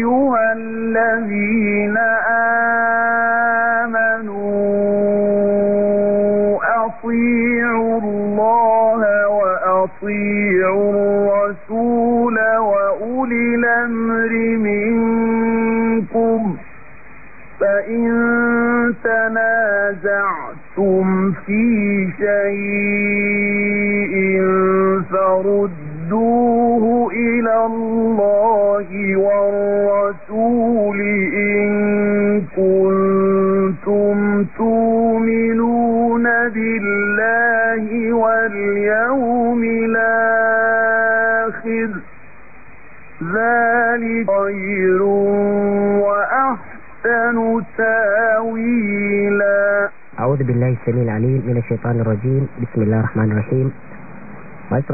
嗯，有。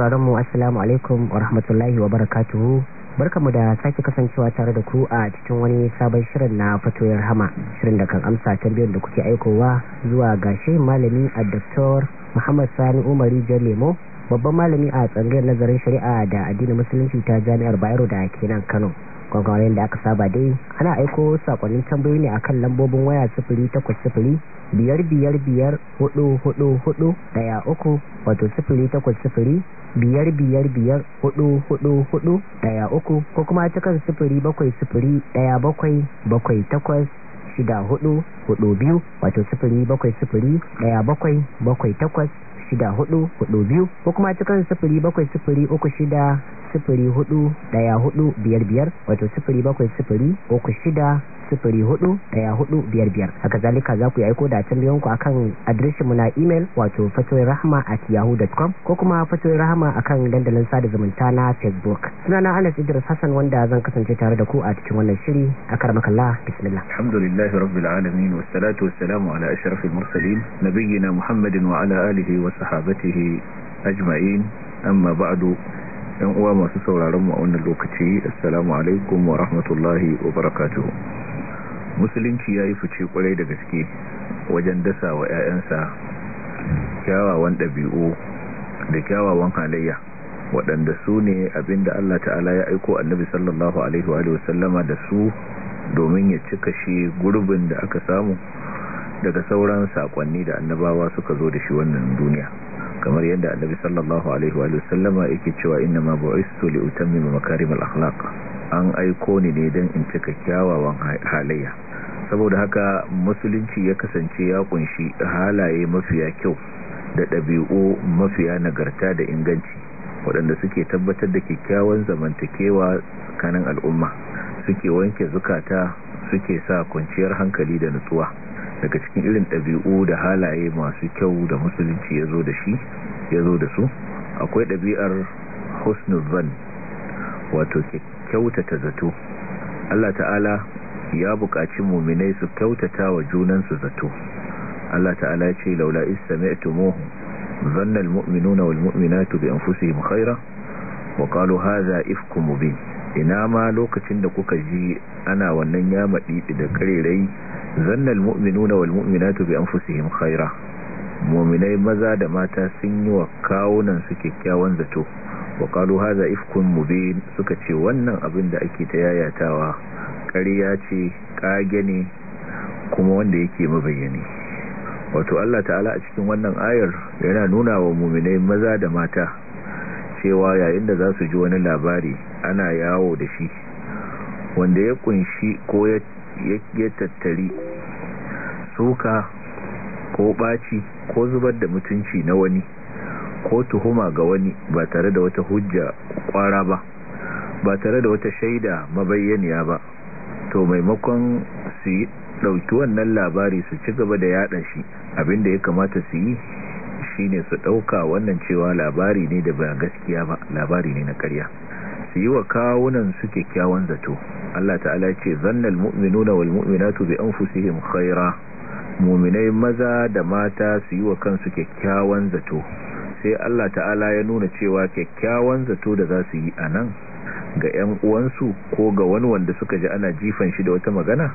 sauraron mu assalamu alaikum wa rahmatullahi wa barakatuhu barkamu da sake kasancewa tare da ku a cikin wani sabon shirin na fatoyar hama shirin da kan amsa tambayar da kuke aikowa zuwa ga shehin malami a Dr. Muhammad Sani Umari lemo babban malami a tsangayar nazarin shari'a da addinin musulunci ta Jami'ar Bayero da ke nan Kano gwagwarin da aka saba dai ana aiko sakonnin tambayoyi ne akan lambobin waya sufuri takwas sufuri. biyar biyar biyar hudu hudu hudu daya uku wato sifiri takwas sifiri biyar biyar biyar hudu hudu hudu daya uku ko kuma ta kan sifiri bakwai sifiri daya bakwai bakwai takwas shida hudu hudu biyu wato sifiri bakwai sifiri daya bakwai bakwai takwas shida hudu hudu biyu ko kuma cikin sifiri bakwai sifiri uku shida sifiri hudu daya hudu biyar biyar wato sifiri bakwai sifiri uku shida biyar. haka zalika za ku aiko da tambayoyin ku akan adireshin mu na email wato fatoyirahma@yahoo.com ko kuma fatoyirahma akan dandalin sada zumunta na Facebook sunana Anas Idris Hassan wanda zan kasance tare da ku a cikin wannan shiri akarmakallah bismillah alhamdulillahi rabbil alamin wa salamu ala ashrafil mursalin nabiyina muhammadin wa ala alihi wa sahbatihi ajma'in amma ba'du yan uwa masu sauraron mu a wannan lokaci assalamu alaikum wa rahmatullahi wa barakatuh musulunci ya yi fice kwarai da gaske wajen dasa wa 'ya'yansa kyawawan ɗabi'u da kyawawan halayya waɗanda su ne abinda Allah ta'ala ya aiko annabi sallallahu alaihi wa sallama da su domin ya cika shi gurbin da aka samu daga sauran saƙonni da annabawa suka zo da shi wannan duniya kamar yadda annabi sallallahu alaihi wa sallama yake cewa inna ma bu'istu li utammima makarimal akhlaq an aiko ni ne don in cika kyawawan halayya saboda haka musulunci ya kasance ya kunshi halaye mafiya kyau da ɗabi'u mafiya nagarta da inganci waɗanda suke tabbatar da kyakkyawan zamantakewa tsakanin al'umma suke wanke zukata suke sa kwanciyar hankali da nutsuwa daga cikin irin ɗabi'u da halaye masu kyau da musulunci ya zo da shi ya zo da su akwai ɗabi'ar husnul wato kyautata zato Allah ta'ala ya buƙaci muminai su kyautata wa junansu zato Allah ta'ala ce laula istami'tumuhu dhanna almu'minuna walmu'minatu bi anfusihim khaira wa qalu hadha ifkum mubin ina ma lokacin da kuka ji ana wannan yamadi da karerai dhanna almu'minuna walmu'minatu bi anfusihim khaira muminai maza da mata sun yi wa kawunan su kyakkyawan zato wa kalu haza ifkun mube suka ce wannan abin da ake ta yayatawa ƙarya ce kage ne kuma wanda yake mabayyane wato Allah ta'ala a cikin wannan ayar yana nuna wa muminai maza da mata cewa yayin da za su ji wani labari ana yawo da shi wanda ya kunshi ko ya tattari suka ko ɓaci ko zubar da mutunci na wani ko tuhuma ga wani ba tare da wata hujja kwara ba ba tare da wata shaida mabayyaniya ba to maimakon su yi ɗauki wannan labari su ci gaba da yaɗa shi abinda ya kamata su yi shi ne su ɗauka wannan cewa labari ne da ba gaskiya ba labari ne na karya su yi wa kawunan su kyakkyawan zato Allah ta'ala ce zannal mu'minuna wal mu'minatu bi anfusihim khaira mu'minai maza da mata su yi wa kansu kyakkyawan zato sai Allah ta'ala ya nuna cewa kyakkyawan zato da za su yi a nan ga 'yan uwansu ko ga wani wanda suka ji ana jifan shi da wata magana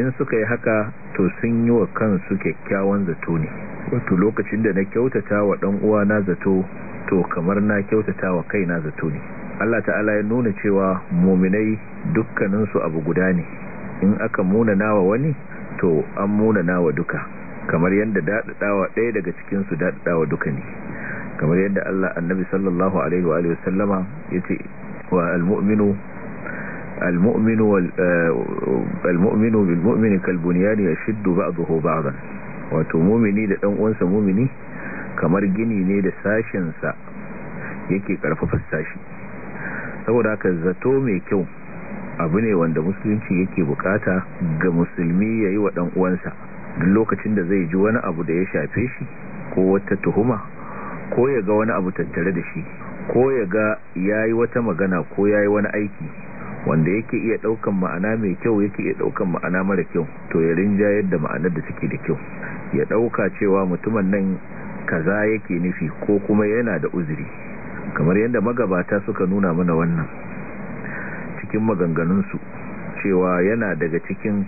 in suka yi haka to sun yi wa kansu kyakkyawan zato ne wato lokacin da na kyautata wa ɗan uwa na zato to kamar na kyautata wa kai na zato ne Allah ta'ala ya nuna cewa muminai dukkaninsu abu guda ne in aka muna nawa wani to an muna nawa duka kamar yadda daɗaɗawa ɗaya daga cikin cikinsu daɗaɗawa duka ne kamar yadda Allah annabi sallallahu alaihi wa sallama ya ce wa almu'minu المؤمن والمؤمن بالمؤمن كالبنيان يشد بعضه بعضا wato mumini da dan uwansa mumini kamar gini ne da sashinsa yake karfafa sashi saboda haka zato mai kyau abu ne wanda musulunci yake bukata ga musulmi yayi wa dan uwansa duk lokacin da zai ji wani abu da ya shafe shi ko wata tuhuma ko ya ga wani abu tattare da shi ko ya ga ya yi wata magana ko ya yi wani aiki wanda yake iya daukan ma'ana mai kyau yake iya daukan ma'ana mara kyau to ya rinja yadda ma'anar da take da kyau ya dauka cewa mutumin nan kaza yake nufi ko kuma yana da uzuri kamar yadda magabata suka nuna mana wannan cikin maganganunsu cewa yana daga cikin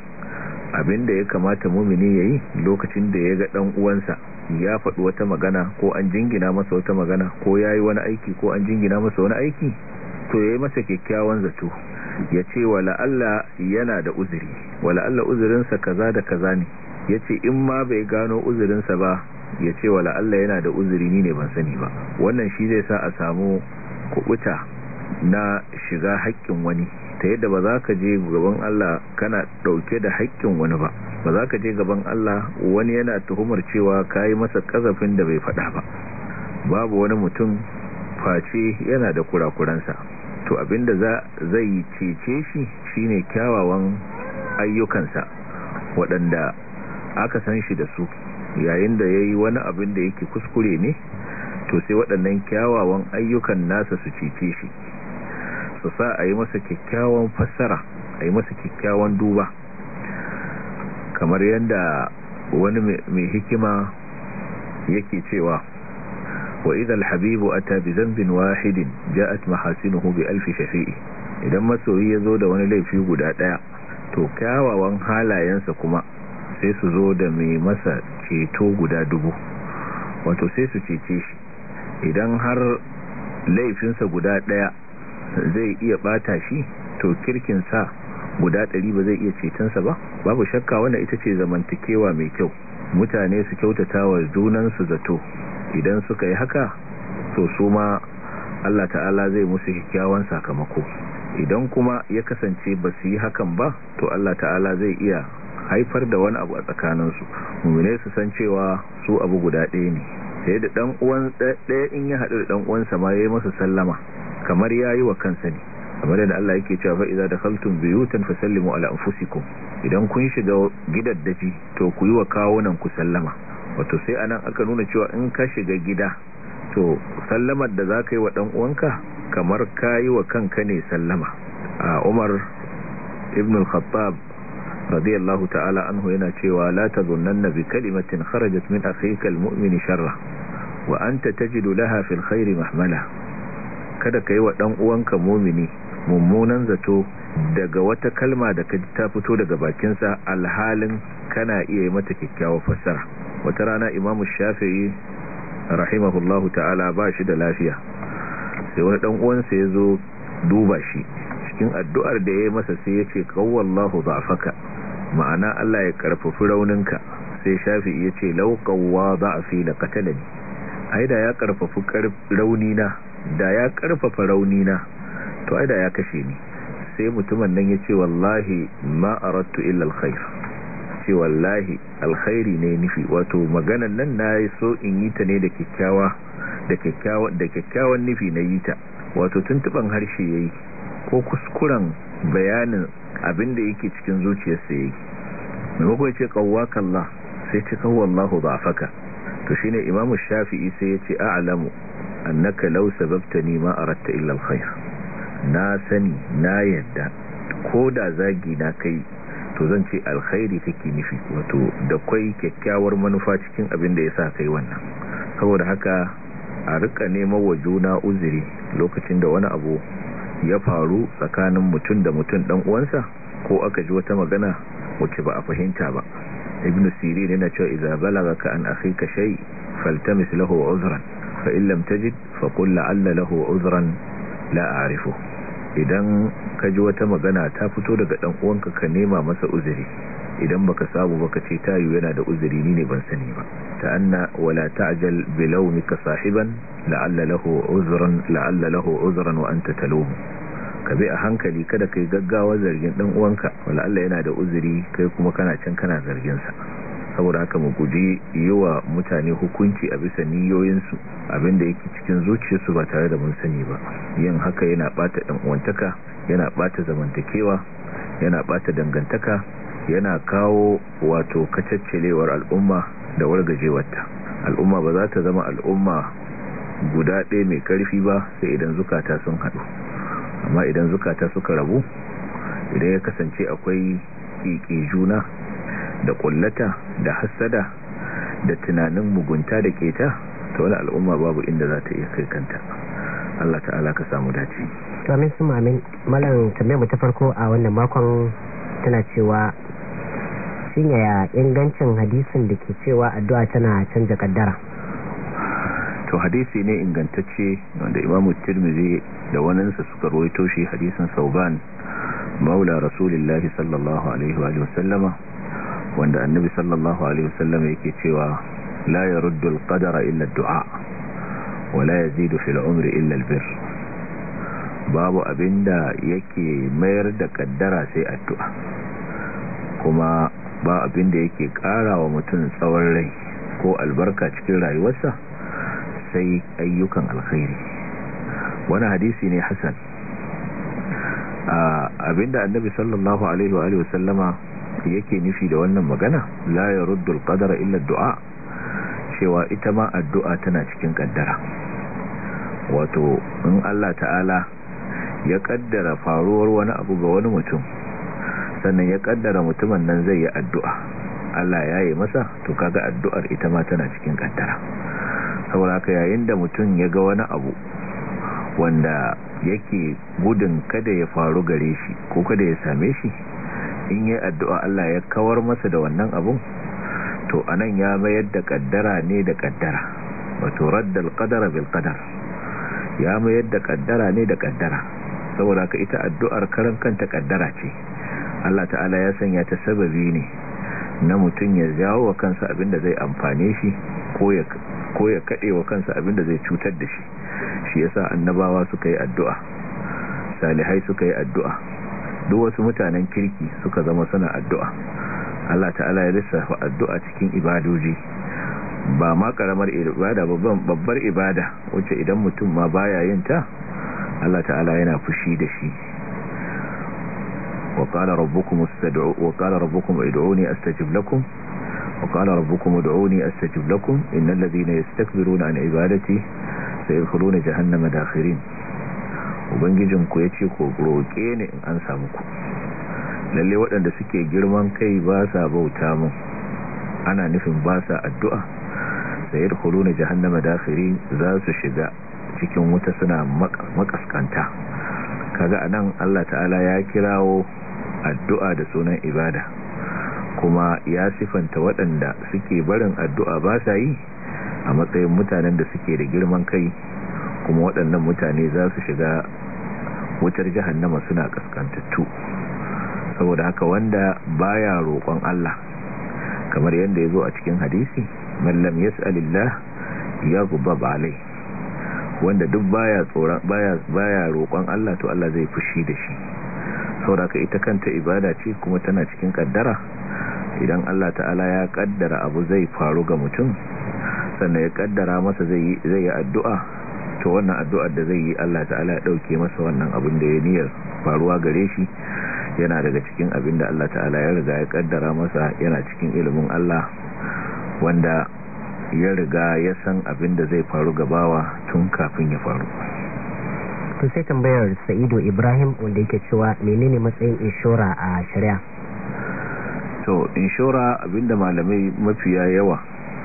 abinda ya kamata mumini yi lokacin da ya ga dan uwansa ya faɗi wata magana ko an jingina masa wata magana ko ya yi wani aiki ko an jingina masa wani aiki to yayi masa kyakkyawan zato ya ce wala Allah yana da uzuri wala Allah uzurinsa kaza da kaza ne ya ce in ma bai gano uzurinsa ba ya ce wala Allah yana da uzuri ni ne ban sani ba wannan shi zai sa a samu kubuta na shiga haƙƙin wani ta yadda ba za ka je gaban Allah kana ɗauke da haƙƙin wani ba ba za ka je gaban Allah wani yana tuhumar cewa ka yi masa ƙazafin da bai faɗa ba babu wani mutum face yana da kurakuransa to abinda za zai cece shi shine kyawawan ayyukansa waɗanda aka san shi da su yayin da ya yi wani abin da yake kuskure ne to sai waɗannan kyawawan ayyukan nasa su cece shi su sa a yi masa kyakkyawan fassara a yi masa kyakkyawan duba kamar yadda wani mai hikima yake cewa wa idan habibu ata bi zambin wahidin ja'at mahasinuhu bi alfi shafi'i idan masoyi ya zo da wani laifi guda daya to kyawawan halayensa kuma sai su zo da mai masa ceto guda dubu wato sai su cece shi idan har laifinsa guda daya zai iya bata shi to kirkin sa guda ɗari ba zai iya cetonsa ba babu shakka wanda ita ce zamantakewa mai kyau mutane su kyautata wa junansu zato idan suka yi haka to su ma Allah ta'ala zai musu kyakkyawan sakamako idan kuma ya kasance ba su yi hakan ba to Allah ta'ala zai iya haifar da wani abu a tsakaninsu mummune su san cewa su abu guda ɗaya ne sai da ɗan uwan ɗaya in ya haɗu da ɗan uwansa ma ya yi masa sallama kamar yayi wa kansa ne kamar yadda Allah yake cewa fa'iza da haltun biyutan fa sallimu ala anfusikum idan kun shiga gidaddaji to ku yi wa kawunan ku sallama wato sai anan aka nuna cewa in ka shiga gida to sallamar da zaka yi wa dan uwanka kamar kayi wa kanka ne sallama a Umar ibn al-Khattab radiyallahu ta'ala anhu yana cewa la tazunna bi kalimatin kharajat min akhika al-mu'min sharra wa anta tajidu laha fil khairi mahmala kada ka yi wa ɗan uwanka mumini mummunan zato daga wata kalma da ka ta fito daga bakinsa alhalin kana iya yi mata kyakkyawa fassara wata rana imamu shafi'i rahimahullahu ta'ala ba shi da lafiya sai wani ɗan uwansa ya zo duba shi cikin addu'ar da ya yi masa sai ya ce kawallahu faka ma'ana Allah ya karfafi rauninka sai shafi'i ya ce a fi da katalani aida ya karfafi rauni na. da ya karfafa rauni na to ai da ya kashe ni sai mutumin nan ya ce wallahi ma aratu illa alkhair ce wallahi alkhairi ne nufi wato maganan nan na yi so in yi ta ne da kyakkyawa da kyakkyawa da kyakkyawan nufi na yi ta wato tuntuban harshe yayi ko kuskuren bayanin abin da yake cikin zuciyarsa yayi maimakon ya ce kawwakallah sai ce kawwallahu faka to shine imamu shafi'i sai ya ce a'lamu annaka law sababtani ma aratta illa alkhair na sani na yadda ko da zagi na kai to zan ce alkhairi kake nufi wato da kwai kyakkyawar manufa cikin abin da yasa kai wannan saboda haka a rika neman wa juna uzuri lokacin da wani abu ya faru tsakanin mutum da mutum dan uwansa ko aka ji wata magana wacce ba a fahimta ba ibnu sirin yana cewa idza balagaka an akhika shay faltamis lahu uzran fa in lam tajid fa la'alla lahu uzran la idan ka ji wata magana ta fito daga dan uwanka ka nema masa uzuri idan baka samu baka ce tayu yana da uzuri ne ban sani ba ta anna wala ta'jal bi ka sahiban la'alla lahu uzran la'alla lahu ta wa ka bi a hankali kada kai gaggawa zargin dan uwanka wala yana da uzuri kai kuma kana can kana zarginsa. saboda haka mu guji yi wa mutane hukunci a bisa niyoyinsu abinda yake cikin zuciyarsu ba tare da mun sani ba yin haka yana bata dan uwantaka yana bata zamantakewa yana bata dangantaka yana kawo wato kacaccelewar al'umma da wargajewarta al'umma ba za ta zama al'umma guda ɗaya mai karfi ba sai idan zukata sun haɗu amma idan zukata suka rabu idan ya kasance akwai ƙiƙi juna da kullata da hassada da tunanin mugunta da keta ta wani al'umma babu inda za ta iya kai kanta Allah ta'ala ka samu dace to amin su amin malam tambayar ta farko a wannan makon tana cewa shin ya ingancin hadisin da ke cewa addu'a tana canza kaddara to hadisi ne ingantacce wanda Imam Tirmidhi da waninsa suka rawaito shi hadisin Sauban maula Rasulullahi sallallahu alaihi wa sallama wanda annabi sallallahu alaihi wasallam yake cewa la yaruddu alqadara illa dua wa la yazidu fil umri illa bir babu abinda yake mayar da kaddara sai addu'a kuma ba abinda yake karawa mutum tsawon rai ko albarka cikin rayuwarsa sai ayyukan alkhairi wani hadisi ne hasan ah, abinda annabi sallallahu alaihi wa alihi yake nufi da wannan magana la ya ruddul qadara illa du'a cewa ita ma addu'a tana cikin kaddara wato in Allah ta'ala ya kaddara faruwar wani abu ga wani mutum sannan ya kaddara mutumin nan zai yi addu'a Allah ya yi masa to kaga addu'ar ita ma tana cikin kaddara saboda haka yayin da mutum ya ga wani abu wanda yake gudun kada ya faru gare shi ko kada ya same shi in yi addu'a Allah ya kawar masa da wannan abun to anan ya mayar da kaddara ne da kaddara wato raddal qadara bil qadar ya mayar da kaddara ne da kaddara saboda ka ita addu'ar karan kanta kaddara ce Allah ta'ala ya sanya ta sababi ne na mutum ya jawo wa kansa abin da zai amfane shi ko ya kaɗe wa kansa abin da zai cutar da shi shi ya sa annabawa suka yi addu'a salihai suka yi addu'a duk wasu mutanen kirki suka zama suna addu'a Allah ta'ala ya lissafa addu'a cikin ibadoji ba ma karamar ibada babbar ibada wacce idan mutum ma baya yin ta Allah ta'ala yana fushi da shi وقال ربكم استدعوا وقال ربكم ادعوني استجب لكم وقال ربكم ادعوني استجب na ان الذين sai عن عبادتي na جهنم داخرين ubangijinku ya ce ko roƙe ne in an samu ku lalle waɗanda suke girman kai ba sa bauta mun ana nufin ba sa addu'a da ya rikuru na jihannama dafiri za su shiga cikin wuta suna makaskanta kaga anan Allah ta'ala ya kirawo addu'a da sunan ibada kuma ya sifanta waɗanda suke barin addu'a ba sa yi a matsayin mutanen da suke da girman kai kuma waɗannan mutane za su shiga wutar jahannama suna ƙasƙantattu saboda haka wanda baya roƙon Allah kamar yadda ya zo a cikin hadisi mallam ya yas'alillah ya guba alai wanda duk baya roƙon Allah to Allah zai fushi da shi saboda haka ita kanta ibada ce kuma tana cikin ƙaddara idan Allah ta'ala ya ƙaddara abu zai faru ga mutum sannan ya ƙaddara masa zai yi addu'a to wannan addu'ar da zai yi Allah ta'ala ya dauke masa wannan abin da ya niyyar faruwa gare shi yana daga cikin abin da Allah ta'ala ya riga ya kaddara masa yana cikin ilimin Allah wanda ya riga ya san abin da zai faru gabawa tun kafin ya faru to sai tambayar Sa'idu Ibrahim wanda yake cewa menene matsayin inshora a shari'a to inshora abinda malamai mafiya yawa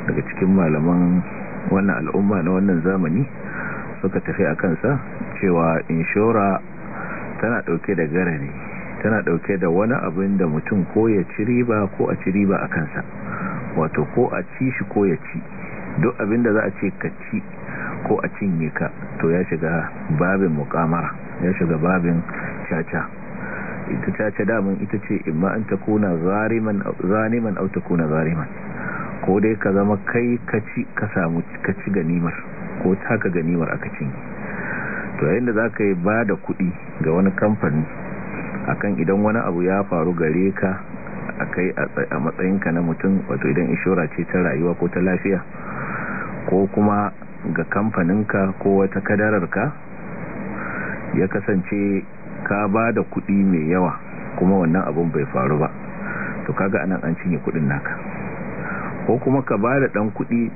daga cikin malaman wannan al'umma na wannan zamani suka tafi a kansa cewa inshora tana dauke da garani tana dauke da wani abin da mutum ko ya ci riba ko a ci riba a kansa wato ko a ci shi ko ya ci duk abin da za a ce ka ci ko a cinye ka to ya shiga babin mukamara ya shiga babin caca ita caca damun ita ce imma an ta kuna zaniman au kuna zariman ko dai ka zama kai ka ci ka samu ka ci ganimar ko taka ganimar aka cinye to yayin da zaka yi ba da kuɗi ga wani kamfani akan idan wani abu ya faru gare ka a kai a matsayinka na mutum wato idan inshora ce ta rayuwa ko ta lafiya ko kuma ga kamfanin ka ko wata kadararka ya kasance ka ba da kuɗi mai yawa kuma wannan abun bai faru ba to kaga anan an cinye kuɗin naka ko kuma ka ba da ɗan kuɗi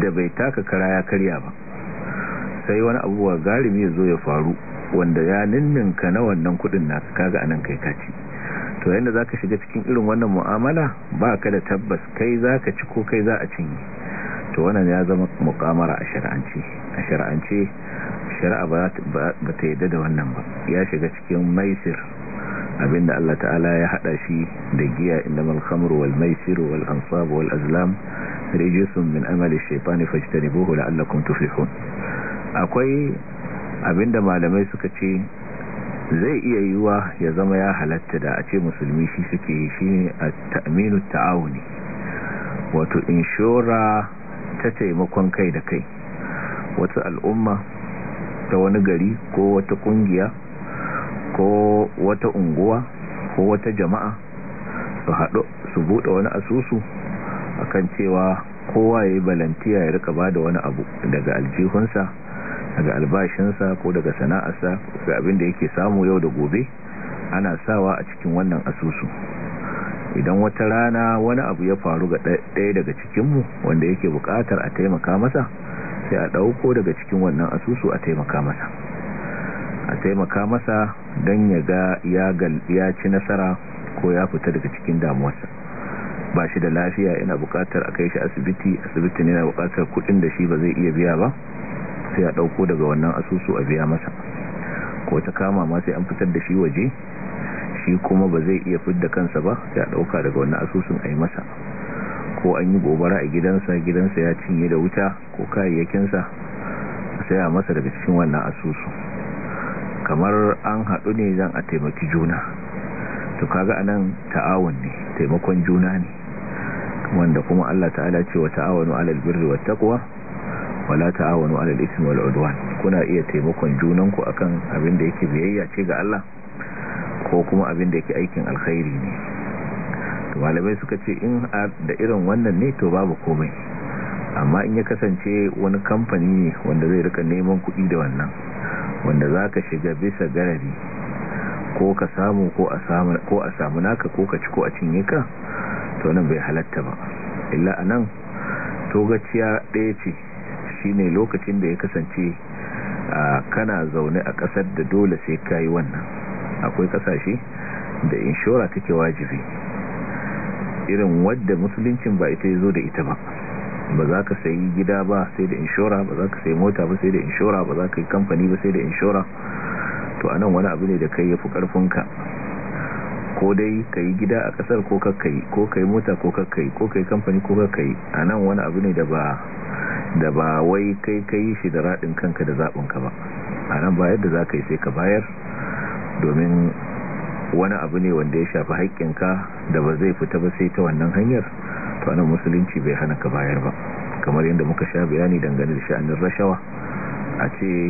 da bai taka kara ya karya ba sai wani abubuwa galibi zo ya faru wanda ya ninninka na wannan kudin na kaga anan kai kaci to yadda za ka shiga cikin irin wannan mu'amala ba ka da tabbas kai za ka ci ko kai za a cinye to wannan ya zama mukamara a shari'ance a shari'a ba ta yadda da wannan ba ya shiga cikin maisir abinda Allah ta'ala ya hada shi da giya inda mal wal maisir wal ansab wal azlam rijisun min amali shaitani fajtanibuhu la'allakum tuflihun akwai abinda malamai suka ce zai iya yiwa ya zama ya halatta da a ce musulmi shi suke yi shine at-ta'minu ta'awuni wato inshora ta taimakon kai da kai wata al'umma ta wani gari ko wata kungiya ko wata unguwa ko wata jama'a su haɗu su buɗe wani asusu akan cewa kowa ya yi balantiya ya rika ba da wani abu daga aljihunsa daga albashinsa ko daga sana'arsa ga abin da yake samu yau da gobe ana sawa a cikin wannan asusu idan wata rana wani abu ya faru ga ɗaya daga cikinmu wanda yake bukatar a taimaka masa sai a ɗauko daga cikin wannan asusu a taimaka masa a taimaka masa don ya ga ya ci nasara ko ya fita daga cikin damuwarsa ba shi da lafiya yana bukatar a kai shi asibiti asibitin yana bukatar kudin da shi ba zai iya biya ba sai a dauko daga wannan asusu a biya masa ko ta kama ma sai an fitar da shi waje shi kuma ba zai iya fidda kansa ba sai a dauka daga wannan asusun a yi masa ko an yi gobara a gidansa gidansa ya cinye da wuta ko kayayyakinsa sai a masa daga cikin wannan asusu kamar an haɗu ne zan a taimaki juna to kaga anan ta'awun ne taimakon juna ne wanda kuma Allah ta'ala ce wa ta'awanu ala birri wa taqwa wala ta'awanu 'alal ismi wal 'udwan kuna iya taimakon junan ku akan abin da yake biyayya ce ga Allah ko kuma abin da yake aikin alkhairi ne to malamai suka ce in da irin wannan ne to babu komai amma in ya kasance wani kamfani ne wanda zai rika neman kuɗi da wannan wanda zaka shiga bisa garari ko ka samu ko a samu naka ko ka ci ko a cinye ka to nan bai halatta ba illa anan togaciya ɗaya ce shine lokacin da ya kasance kana zaune a ƙasar da dole sai kayi wannan akwai ƙasashe da inshora take wajibi irin wadda musuluncin ba ita yazo da ita ba ba za ka sayi gida ba sai da inshora ba za ka sayi mota ba sai da inshora ba za ka yi kamfani ba sai da inshora to anan wani abu ne da kai ya yafi ka. ko dai ka yi gida a kasar ko kakkai ko ka yi mota ko kakkai ko ka yi kamfani ko kakkai a nan wani abu ne da ba wai kai ka yi shi da raɗin kanka da zaɓinka ba a nan ba yadda za ka yi sai ka bayar domin wani abu ne wanda ya shafi haƙƙinka da ba zai fita ba sai ta wannan hanyar to musulunci bai hana ka bayar ba kamar yadda muka sha bayani dangane da sha'anin rashawa a ce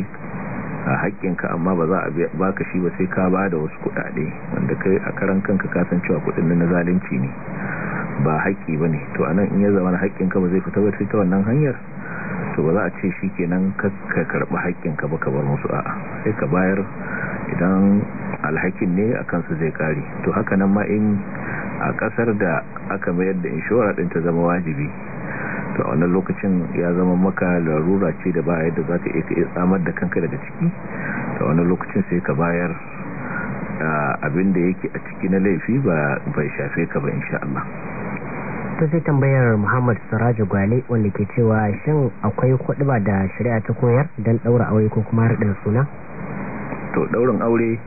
a haƙƙinka amma ba za a baka shi ba sai ka ba da wasu kuɗaɗe wanda kai a karan kanka kasancewa kuɗin na zalunci ne ba haƙƙi ba ne to anan in ya zama na haƙƙinka ba zai fita ba sai ta wannan hanyar to ba za a ce shi ke nan ka karɓi haƙƙinka ba ka bar musu a sai ka bayar idan alhakin ne a kansu zai kare to haka nan ma in a ƙasar da aka mayar da inshora ɗin ta zama wajibi ta wani lokacin ya zama maka larura ce da ba yadda za ka iya tsamar da kanka daga ciki ta wani lokacin sai ka bayar abin da yake a ciki na laifi ba bai shafe ka ba insha Allah ta sai tambayar Muhammad Siraju Gwale wanda ke cewa shin akwai huɗuba da shari'a ta koyar don ɗaura aure ko kuma harɗin suna to ɗaurin aure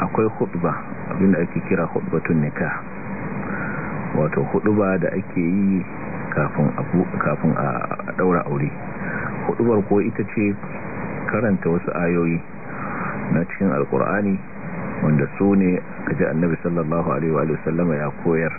akwai huɗuba abin da ake kira huɗubatun nikah wato huɗuba da ake yi kafin a daura aure hudubar ko ita ce karanta wasu ayoyi na cikin alkur'ani wanda su ne kaji annabi sallallahu alaihi wa sallama ya koyar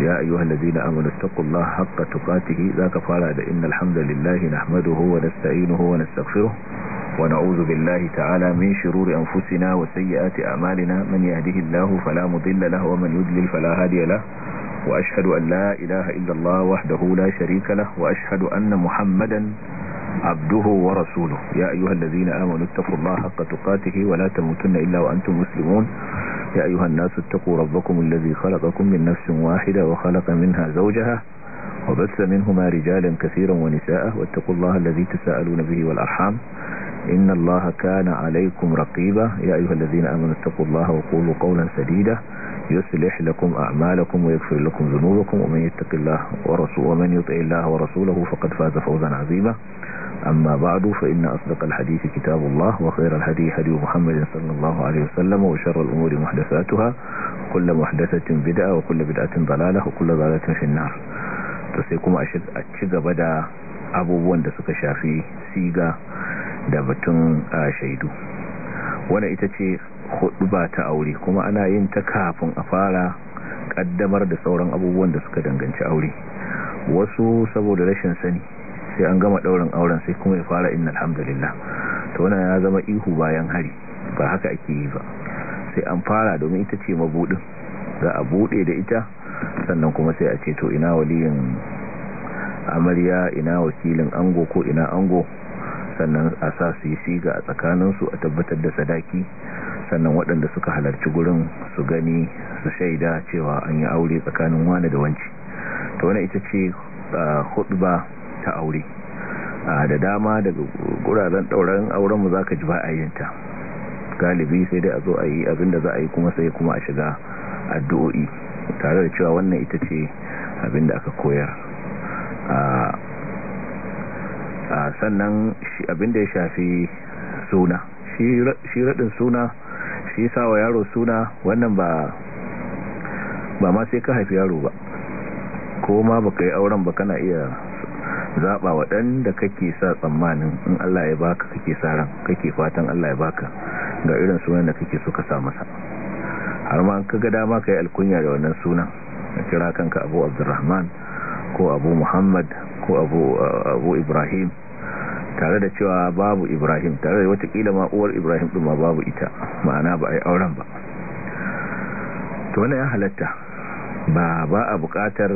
ya ayyuhal ladina amanu taqullaha haqqa tuqatih zaka fara da innal hamdalillahi nahmaduhu wa nasta'inuhu wa nastaghfiruh wa na'udhu billahi ta'ala min shururi anfusina wa sayyiati a'malina man yahdihillahu fala mudilla lahu wa man yudlil fala hadiya lahu وأشهد أن لا إله إلا الله وحده لا شريك له وأشهد أن محمدا عبده ورسوله يا أيها الذين آمنوا اتقوا الله حق تقاته ولا تموتن إلا وأنتم مسلمون يا أيها الناس اتقوا ربكم الذي خلقكم من نفس واحدة وخلق منها زوجها وبث منهما رجالا كثيرا ونساء واتقوا الله الذي تساءلون به والأرحام إن الله كان عليكم رقيبا يا أيها الذين آمنوا اتقوا الله وقولوا قولا سديدا يصلح لكم أعمالكم ويغفر لكم ذنوبكم ومن يتق الله ورسوله ومن يطع الله ورسوله فقد فاز فوزا عظيما أما بعد فإن أصدق الحديث كتاب الله وخير الهدي هدي محمد صلى الله عليه وسلم وشر الأمور محدثاتها كل محدثة بدعة وكل بدعة ضلالة وكل ضلالة في النار تسيكم أشد أشد بدأ abubuwan da suka shafi siga da batun shaidu wadda ita ce hudu ba ta aure kuma ana yin ta kafin a fara kaddamar da sauran abubuwan da suka danganci aure wasu saboda rashin sani sai an gama daurin auren sai kuma ya fara inna alhamdulillah to wannan ya zama ihu bayan hari ba haka ake yi ba sai an fara domin ita ce mabudin za a bude da ita sannan kuma sai a ce to ina waliyin amarya ina wakilin ango ko ina ango sannan a sa su yi siga a tsakaninsu a tabbatar da sadaki sannan waɗanda suka halarci gurin su gani su shaida cewa an yi aure tsakanin wane da wanci ta wani ita ce hudba ta aure da dama daga guraren ɗauren aurenmu za ka ji ba a yinta galibi sai dai a zo a yi abinda za a yi kuma sai kuma a shiga addu'o'i tare da cewa wannan ita ce abinda aka koyar sannan abinda ya shafi suna shi raɗin suna shi sa wa yaro suna wannan ba ba ma sai ka haifi yaro ba ko ma ba ka yi auren ba kana iya zaɓa waɗanda kake sa tsammanin in Allah ya baka kake sa ran kake fatan Allah ya baka ga irin sunan da kake so ka sa masa har ma ka ga dama ka yi alkunya da wannan sunan kira kanka abu abdurrahman ko abu muhammad ko uh, abu ibrahim tare da cewa babu ibrahim tare da watakila ma uwar ibrahim ɗin ma babu ita ma'ana ba a yi auren ba to wani ya halatta ba ba a buƙatar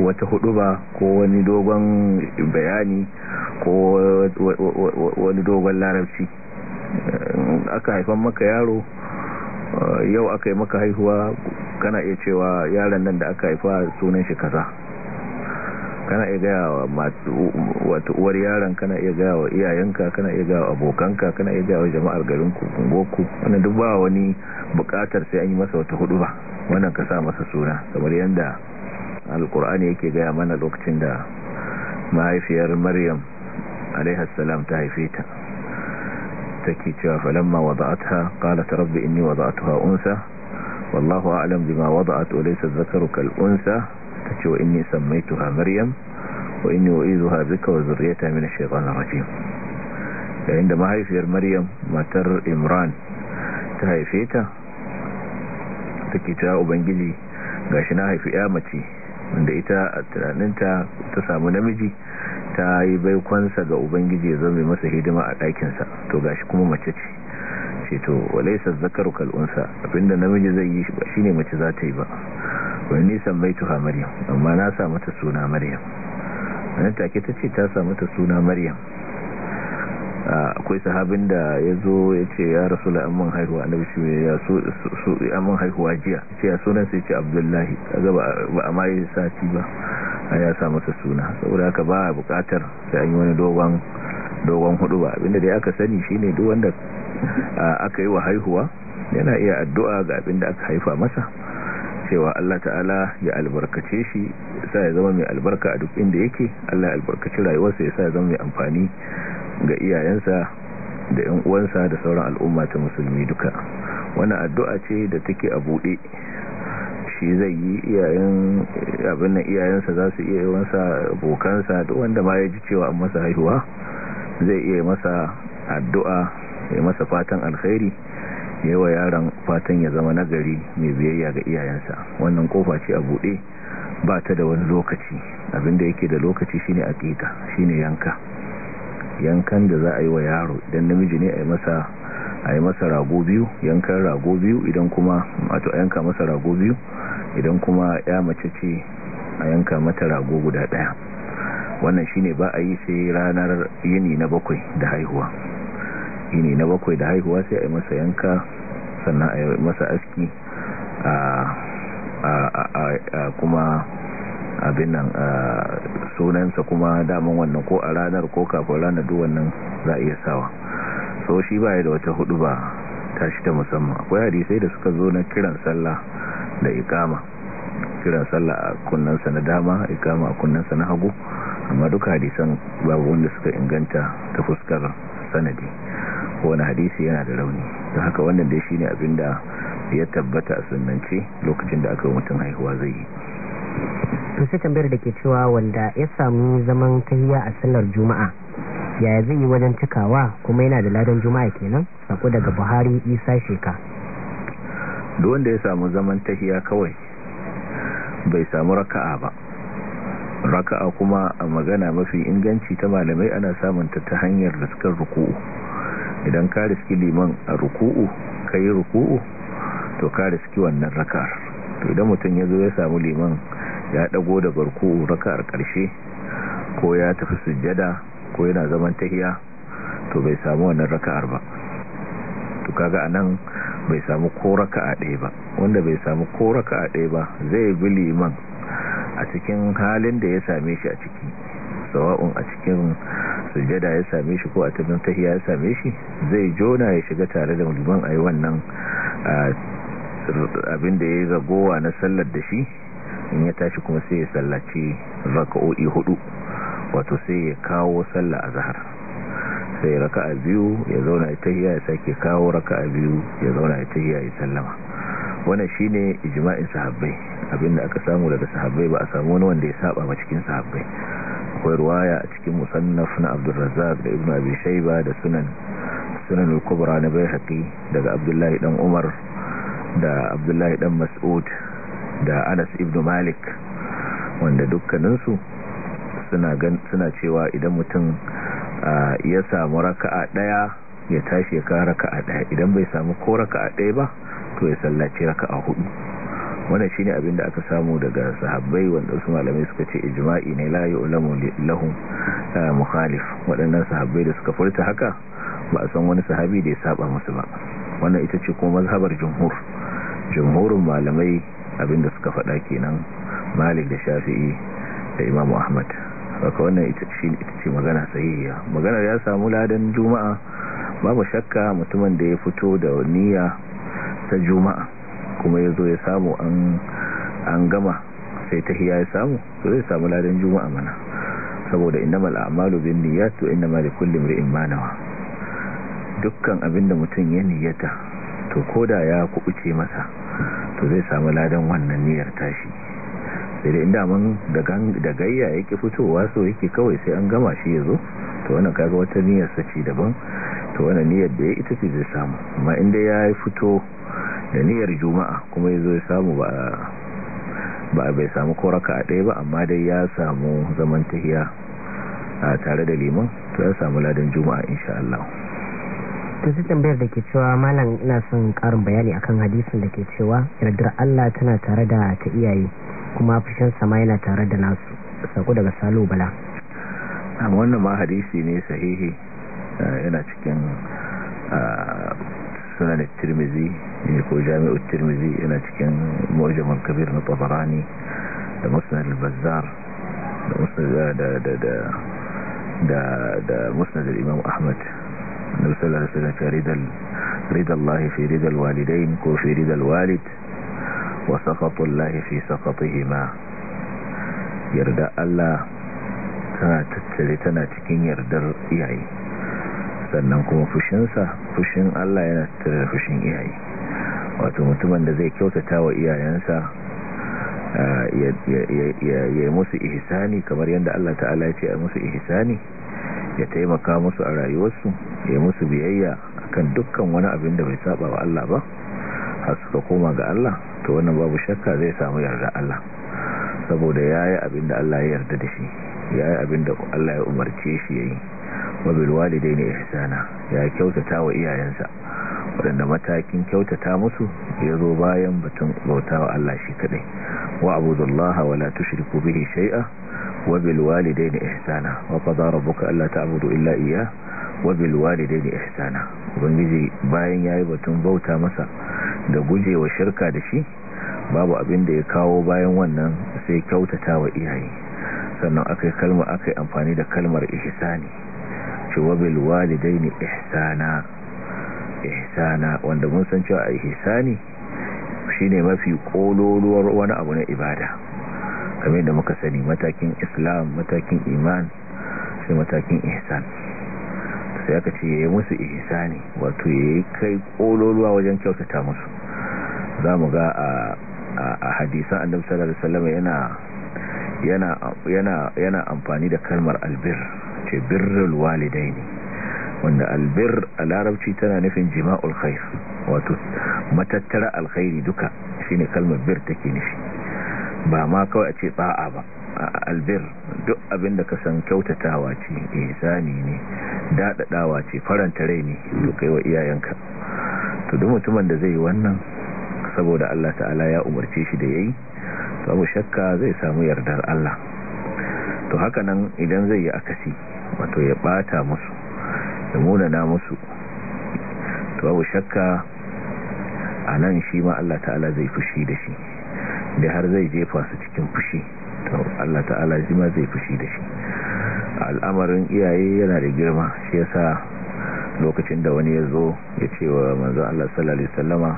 wata hudu ba ko wani dogon bayani ko wani dogon larabci aka haifan maka yaro uh, yau aka yi maka haihuwa kana iya cewa yaron nan da aka haifa sunan shi kaza kana iya gaya wa wata uwar yaron kana iya gaya wa iyayenka kana iya gaya wa abokanka kana iya gaya wa jama'ar garin ku kungoku wannan duk ba wani bukatar sai an yi masa wata hudu ba wannan ka sa masa suna kamar yadda alkur'ani yake gaya mana lokacin da mahaifiyar maryam alaihi salam ta haife ta take cewa falamma wada'atha qalat rabbi inni wada'tuha unsa wallahu a'lam bima wada'at wa laysa dhakaru kal unsa tace wa inni sammaytuha maryam wa inni u'izuha bika wa dhurriyyataha min ash-shaytanir rajim yayin da mahaifiyar maryam matar imran ta haife ta take ta ubangiji gashi na haifi ya mace wanda ita a tunaninta ta samu namiji ta yi baikonsa ga ubangiji ya zama masa hidima a ɗakinsa to gashi kuma mace ce ce to walaysa zakaru kal'unsa abinda namiji zai yi shi ne mace za ta yi ba wani nisan tuha maryam amma na sa mata suna maryam wani take ta ce ta samu mata suna maryam akwai sahabin da ya zo ya ce ya rasu da amman haihuwa na bishiyu ya su amman haihuwa jiya ce ya sunan sai ce abdullahi gaba ba a mai sati ba a ya sa masa suna saboda haka ba a bukatar sai an yi wani dogon dogon hudu ba abinda da ya aka sani shine duk wanda aka yi wa haihuwa yana iya addu'a ga abin da aka haifa masa cewa Allah ta'ala ya albarkace shi sa ya zama mai albarka a duk inda yake Allah ya albarkaci rayuwarsa ya sa ya zama mai amfani ga iyayensa da ‘yan uwansa da sauran al'umma ta musulmi duka wani addu'a ce da take a buɗe shi zai yi iyayen abin nan iyayensa za su iya yawansa bokansa duk wanda ma ya ji cewa an masa haihuwa zai iya masa addu'a ya masa fatan alkhairi ya wa yaron fatan ya zama nagari mai biyayya ga iyayensa wannan kofa ce a bude ba ta da wani lokaci abinda yake da lokaci shine aqiqa shine yanka yankan da za a yi wa yaro idan namiji ne a yi masa rago biyu yankan rago biyu idan kuma wato a yanka masa rago biyu idan kuma ya mace ce a yanka mata rago guda daya wannan shine ba a yi sai ranar yini na bakwai da haihuwa ne na bakwai da haihuwa sai a yi masa yanka sannan a yi masa aski a kuma abin nan a sunansa kuma daman wannan ko a ranar ko kafin ranar duk wannan za a iya sawa so shi baya da wata hudu ba tashi ta musamman akwai hadisai da suka zo na kiran sallah da ikama kiran sallah a kunnansa na dama ikama a kunnansa na hagu amma duka hadisan babu wanda suka inganta ta fuskar sanadi wani hadisi yana da rauni don haka wannan dai shine abin da ya tabbata a sunanci lokacin da aka yi mutum haihuwa zai yi to sai tambayar da ke cewa wanda ya samu zaman tahiya a sallar juma'a yaya zai yi wajen cikawa kuma yana da ladan juma'a kenan sako daga buhari isa sheka duk wanda ya samu zaman tahiya kawai bai samu raka'a ba raka'a kuma a magana mafi inganci ta malamai ana samunta ta hanyar da suka ruku'u idan ka riski liman a ruku'u ka yi ruku'u to ka riski wannan raka'ar to idan mutum ya zo ya samu liman ya dago da ruku'u raka'ar karshe ko ya tafi sujjada ko yana zaman tahiya to bai samu wannan raka'ar ba to kaga anan bai samu ko raka'a ɗaya ba wanda bai samu ko raka'a ɗaya ba zai bi liman a cikin halin da ya same shi a ciki sawa'un a cikin sujada ya same shi ko a tabin tahiya ya same shi zai jona ya shiga tare da liman a yi wannan abin da ya yi ragowa na sallar da shi in ya tashi kuma sai ya sallaci raka'o'i hudu wato sai ya kawo sallah a zahar sai raka a biyu ya zauna ya tahiya ya sake kawo raka a biyu ya zauna ya tahiya ya sallama wannan shine ijma'in sahabbai abinda aka samu daga sahabbai ba a samu wani wanda ya saba ba cikin sahabbai akwai ruwaya a cikin musannaf na abdurrazzaq da ibnu abi shayba da sunan sunan al-kubra na bayhaqi daga abdullahi dan umar da abdullahi dan mas'ud da anas ibnu malik wanda dukkaninsu suna suna cewa idan mutum ya samu raka'a daya ya tashi ya ka raka'a daya idan bai samu ko raka'a daya ba to ya sallaci raka'a hudu wannan shine abin da aka samu daga sahabbai wanda su malamai suka ce ijma'i ne la yu'lamu lahum ah, mukhalif waɗannan sahabbai da suka furta haka ba a san wani sahabi da ya saba musu ba wannan ita ce kuma mazhabar jumhur jumhurin malamai abinda suka faɗa kenan malik da shafi'i da imamu ahmad haka wannan ita ce magana sahihiya maganar ya samu ladan juma'a babu shakka mutumin da ya fito da niyya ta juma'a kuma ya zo ya samu an gama sai ta hiya samu to zai samu ladan juma'a mana saboda inda mal'amalu bin niyatu inda innamal likulli imrin nawa dukkan abinda mutum ya niyyata to da ya kuɓuce masa to zai samu ladan wannan niyyar tashi sai da inda man da gayya ya yake fitowa so yake kawai sai an gama shi ya zo to wannan kaga wata niyyar sace daban to wannan niyyar da ya ita ce zai samu amma inda ya fito da niyyar juma'a kuma ya zo ya samu ba ba bai samu koraka a ɗaya ba amma dai ya samu zaman tahiya a tare da liman to ya samu ladan juma'a insha Allah to sai tambayar da ke cewa malam ina son karin bayani akan hadisin da ke cewa yardar Allah tana tare da ta iyaye kuma fushin sama yana tare da nasu sako daga salo bala wannan ma hadisi ne sahihi yana cikin sunan tirmizi يقول جامع الترمذي انا كان معجم الكبير الطبراني مسند البزار مسند ده آه، ده ده ده ده مسند الامام احمد نرسل رسالة رضا رضا الله في رضا الوالدين كو في رضا الوالد وسقط الله في سقطهما يرضى الله تنات تلتنا تكين يرضى الإعي سنن فشنسا فشن الله ينات فشن إعي wato mutumin da zai kyautata wa iyayensa ya musu ihisani kamar yadda Allah ta'ala ya ce a musu ihisani ya taimaka musu a rayuwarsu ya musu biyayya kan dukkan wani abin da bai saba wa Allah ba har suka koma ga Allah to wannan babu shakka zai samu yarda Allah saboda ya yi abin da Allah ya yarda da shi ya yi abin da Allah ya umarce shi yayi wa bil ne ihisana ya kyautata wa iyayensa waɗanda matakin kyautata musu ya zo bayan batun bauta wa Allah shi kaɗai wa abudullaha wa la tushriku bihi shay'a wa bil walidayni ihsana wa qadara rabbuka alla ta'budu illa iyyah wa bil walidayni ihsana ubangiji bayan yayi batun bauta masa da gujewa shirka da shi babu abin da ya kawo bayan wannan sai kyautata wa iyaye sannan akai kalma akai amfani da kalmar ihsani ce wa bil walidayni ihsana ihsana wanda mun san cewa ihsani shine mafi kololuwar wani abu na ibada kamar da muka sani matakin islam matakin iman sai matakin ihsan sai aka ce yayi musu ihsani wato yayi kai kololuwa wajen kyautata musu zamu ga a a hadisan annabi sallallahu alaihi yana yana yana yana amfani da kalmar albir ce birrul walidaini wanda albir a larabci tana nufin jima'ul khair wato matattara alkhairi duka shine kalmar bir take nufi ba ma kawai a ce ba'a ba albir duk abin da ka san kyautatawa ce ihsani ne dadadawa ce faranta rai ne to kai wa iyayenka to duk mutumin da zai yi wannan saboda Allah ta'ala ya umarce shi da yayi babu shakka zai samu yardar Allah to haka nan idan zai yi akasi wato ya bata musu da munana musu to babu shakka a nan shi ma Allah ta'ala zai fushi da shi da har zai jefa su cikin fushi to Allah ta'ala shi ma zai fushi da shi al'amarin iyaye yana da girma shi yasa lokacin da wani ya zo ya ce wa manzo Allah sallallahu alaihi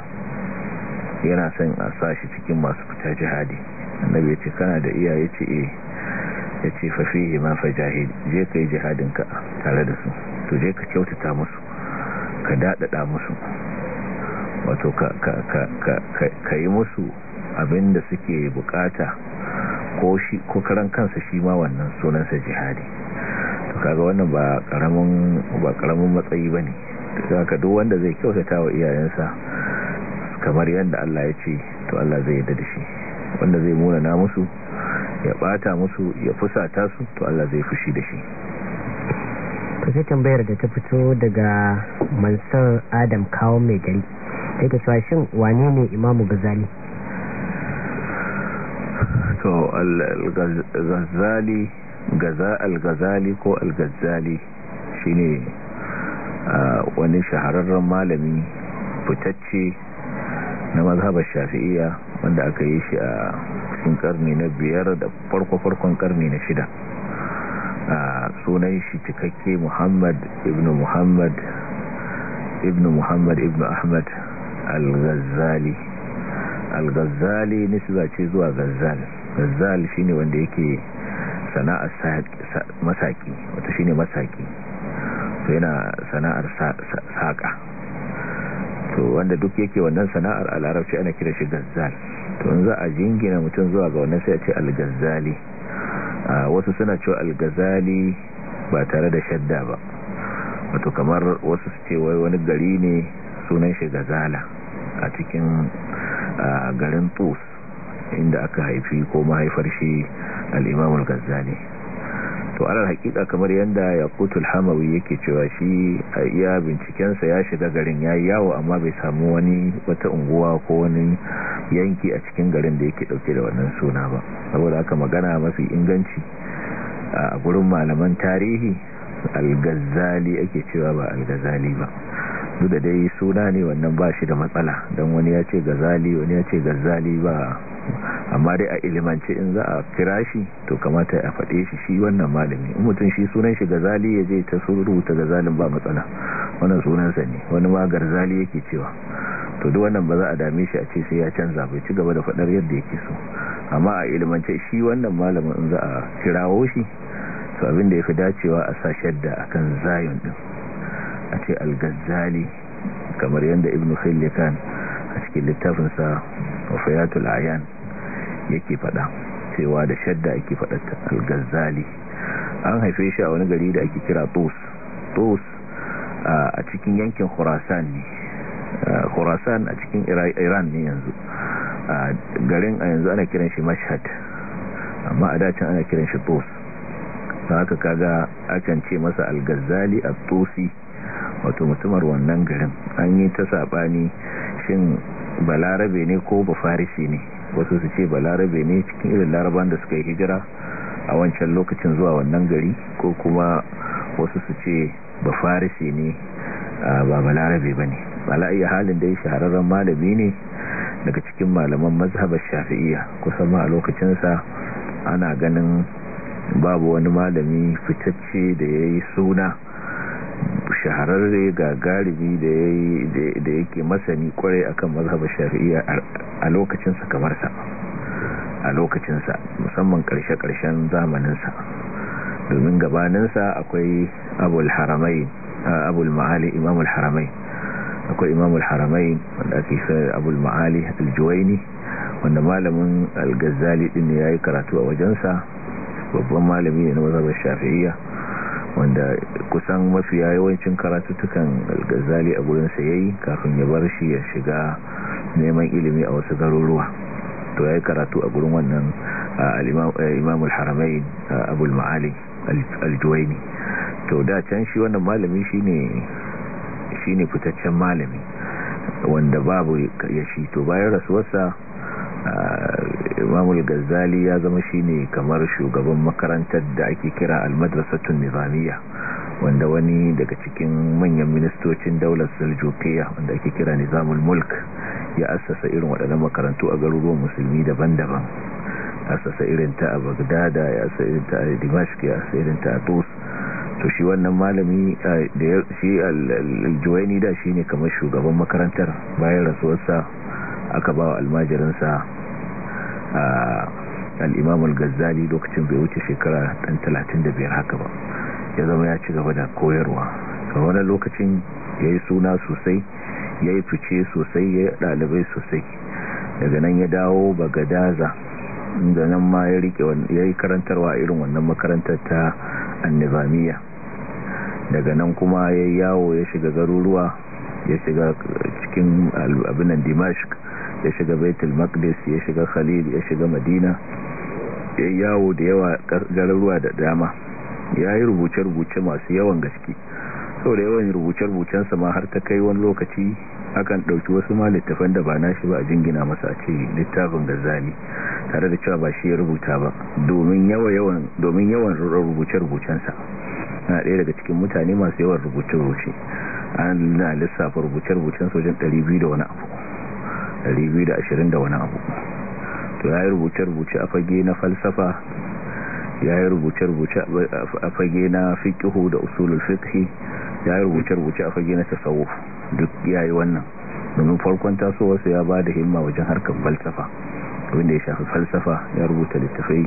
yana son a sa shi cikin masu fita jihadi annabi ya ce kana da iyaye ce eh ya ce fafihi ma fajahid je kai ka tare da su to je ka kyautata musu ka daɗaɗa musu wato ka yi musu abin da suke bukata ko shi ko karan kansa shi ma wannan sunansa jihadi to kaga wannan ba karamin ba karamin matsayi bane saka duk wanda zai kyautata wa iyayensa kamar yadda Allah ya ce to Allah zai yarda da shi wanda zai muna musu ya bata musu ya fusata su to Allah zai fushi da shi to sai tambayar da ta fito daga mansan adam kawo mai gari ta ke cewa shin wane ne imamu gazali to al-gazali gaza al-gazali ko al-gazali ne wani shahararren malami fitacce na mazhabar shafi'iyya wanda aka yi shi a cikin karni na biyar da farko-farkon karni na shida sunan shi cikakke muhammad ibn muhammad ibn muhammad ibn ahmad al-ghazali al-ghazali nisba ce zuwa ghazal ghazal shine wanda yake sana'ar masaki wata shine masaki to yana sana'ar saƙa to wanda duk yake wannan sana'ar al-arabci ana kira shi ghazal to in za a jingina mutum zuwa ga wannan sai a ce al-ghazali wasu suna cewa al ba tare da shadda ba wato kamar wasu su ce wai wani gari ne sunan shi gazala a cikin garin tus inda aka haifi ko mahaifar shi al-imam al to alal hakika kamar yadda yakutul hamawi yake cewa shi a iya bincikensa ya shiga garin ya yi yawo amma bai samu wani wata unguwa ko wani yanki a cikin garin da yake dauke da wannan suna ba saboda haka magana mafi inganci a gurin malaman tarihi al-ghazali ake cewa ba al-ghazali ba su da dai suna ne wannan ba shi da matsala don wani ya ce gazali wani ya ce gazali ba amma dai a ilimance in za a kira shi to kamata a faɗe shi shi wannan malami in mutum shi sunan shi gazali ya je ta surutu gazalin ba matsala wannan sunansa ne wani ma garzali yake cewa to duk wannan ba za a dame shi a ce sai ya canza bai ci gaba da faɗar yadda yake so amma a ilimance shi wannan malamin in za a kirawo shi to abin da ya fi dacewa a sa shadda akan zayon din a ce al kamar yadda ibn kan a cikin littafin sa wafiyatul ayan yake fada cewa da shadda yake fada al an haife shi a wani gari da ake kira tos tos a cikin yankin khurasan ne khurasan a cikin iran ne yanzu garin a yanzu ana kiran shi mashhad amma a dacin ana kiran shi tos ta haka kaga akan ce masa al a at wato mutumar wannan garin an yi ta saɓani shin balarabe ne ko bafarisi ne wasu su ce balarabe ne cikin irin laraban da suka yi hijira a wancan lokacin zuwa wannan gari ko kuma wasu su ce bafarisi ne ba balarabe ba ne iya halin da ya shahararren malami ne daga cikin malaman mazhabar shafi'iya kusan ma a lokacinsa ana ganin babu wani malami fitacce da ya yi suna shahararre ga galibi da yake masani kwarai akan mazhabar shari'a a lokacinsa kamar sa a lokacinsa musamman karshe-karshen zamaninsa domin gabaninsa akwai abul haramai abul ma'ali imamul haramai akwai imamul haramai wanda ake sai abul ma'ali aljuwaini wanda malamin algazali din ya yi karatu a wajensa babban malami ne na mazhabar shari'a wanda kusan mafiya yawancin karatuttukan al a gurin sa kafin ya bar shi ya shiga neman ilimi a wasu garuruwa to yi karatu a gurin wannan al eh, haramai abul ma'ali al to da can shi wannan malami shi ne fitaccen malami wanda babu ya shi to bayan rasuwarsa imamul gazali ya zama shine kamar shugaban makarantar da ake kira almadrasatun nizamiya wanda wani daga cikin manyan ministocin daular seljukiya wanda ake kira nizamul mulk ya asasa irin waɗannan makarantu a garuruwan musulmi daban-daban asasa irin ta a bagdada ya asasa irin ta a dimashq ya asasa irin ta a tos to shi wannan malami da ya shi aljuwaini da shi ne kamar shugaban makarantar bayan rasuwarsa aka ba wa almajirinsa al'imam al-gazzali lokacin bai wuce shekara ɗan talatin da biyar haka ba ya zama ya ci gaba da koyarwa a wani lokacin ya yi suna sosai ya yi fice sosai ya yi ɗalibai sosai daga nan ya dawo bagadaza inda nan ma ya yi karantarwa irin wannan makarantar ta annibamiya daga nan kuma ya yawo ya shiga garuruwa ya shiga cikin abinan dimashik ya shiga baitul maqdis ya shiga khalil ya shiga madina ya yawo da yawa garuruwa da dama ya yi rubuce-rubuce masu yawan gaske sau da yawan rubuce-rubucensa ma har ta kai wani lokaci akan ɗauki wasu ma littafan da ba nashi ba a jingina masa a ce littafin da gazali tare da cewa ba shi ya rubuta ba domin yawan rubuce-rubucensa na ɗaya daga cikin mutane masu yawan rubuce-rubuce an lissafa rubuce-rubucen sojan 200 da wani abu 220 da wani abu to ya yi rubuce-rubuce a fage na falsafa ya yi rubuce-rubuce a fage na fikihu da usulul fikhi ya yi rubuce-rubuce a fage na tasawuf duk ya yi wannan domin farkon tasowarsa ya ba da himma wajen harkar falsafa wanda ya shafi falsafa ya rubuta littafai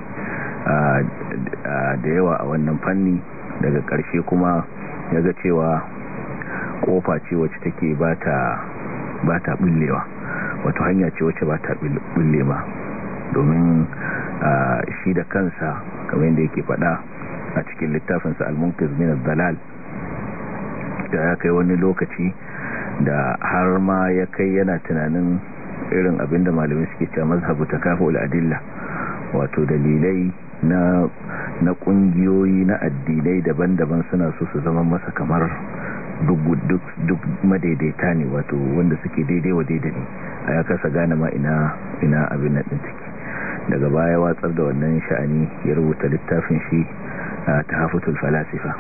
da yawa a wannan fanni daga ƙarshe kuma ya ga cewa ƙofa ce wacce take ba ta bullewa wato hanya ce wacce ba ta bulle ba domin shi da kansa kamar yadda yake faɗa a cikin littafinsa al-munkiz min az dalal da ya kai wani lokaci da har ma ya kai yana tunanin irin abinda malamai suke cewa mazhabu takaful adilla wato dalilai na na kungiyoyi na addinai daban-daban suna so su zama masa kamar duk madaidaita ne wato wanda suke daidai wa daidai ne a ya kasa gane ma ina abin na ɗin ciki daga baya watsar da wannan sha'ani ya rubuta littafin shi ta hafutul falasifa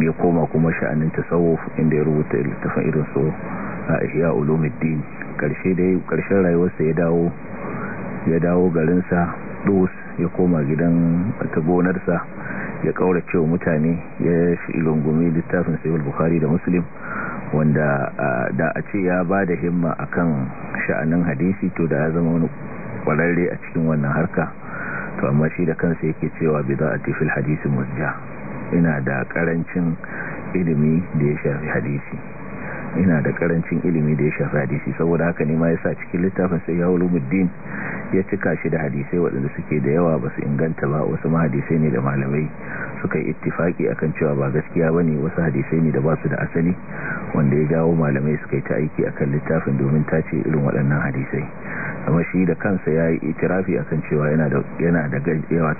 ya koma kuma sha'anin ta tsawo inda ya rubuta littafin irin so a ishiya ulumuddin karshe da karshen rayuwarsa ya dawo ya dawo garinsa dus ya koma gidan ta gonarsa ya kaura wa mutane ya shi ilungumi littafin sayul bukhari da muslim wanda da a ce ya ba da himma a kan sha'anin hadisi to da ya zama wani kwararre a cikin wannan harka to amma shi da kansa yake cewa bi za a tafi hadisi musja ina da karancin ilimi da ya shafi hadisi yana da karancin ilimi da ya shafi hadisi saboda haka ne ma ya sa cikin littafin sai ya muddin ya cika shi da hadisai waɗanda suke da yawa ba su inganta ba wasu ma hadisai ne da malamai suka yi ittifaki akan cewa ba gaskiya ba ne wasu hadisai ne da ba su da asali wanda ya jawo malamai suka yi ta aiki akan littafin domin tace irin waɗannan hadisai amma shi da kansa ya yi itirafi akan cewa yana da yana da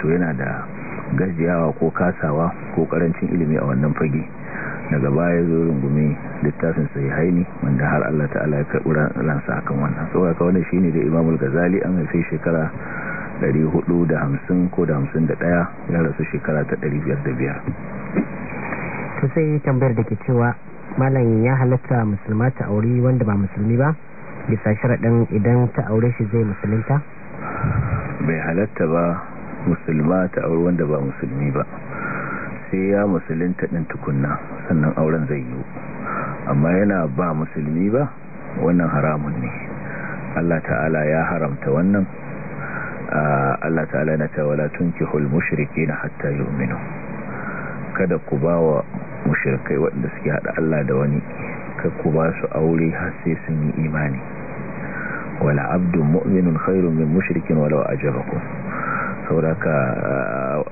yana da gajiyawa ko kasawa ko karancin ilimi a wannan fage daga baya zo rungumi littafin haini wanda har Allah ta'ala ya karɓi ransa akan wannan so ga wannan shine da Imam al-Ghazali an haife shekara 450 ko da 51 ya rasu shekara ta 1505 to sai tambayar da ke cewa malamin ya halatta musulma ta aure wanda ba musulmi ba bisa sharadin idan ta aure shi zai musulunta bai halatta ba musulma ta aure wanda ba musulmi ba sai ya musulunta ɗin tukunna sannan auren zai yi amma yana ba musulmi ba wannan haramun ne Allah ta'ala ya haramta wannan Allah ta'ala na ta wala mushiriki na hatta yu'minu kada ku wa mushrikai waɗanda suke hada Allah da wani kada ku ba su aure har sai sun yi imani wala abdu mu'minun khairun min mushrikin walau ajabakum sauraka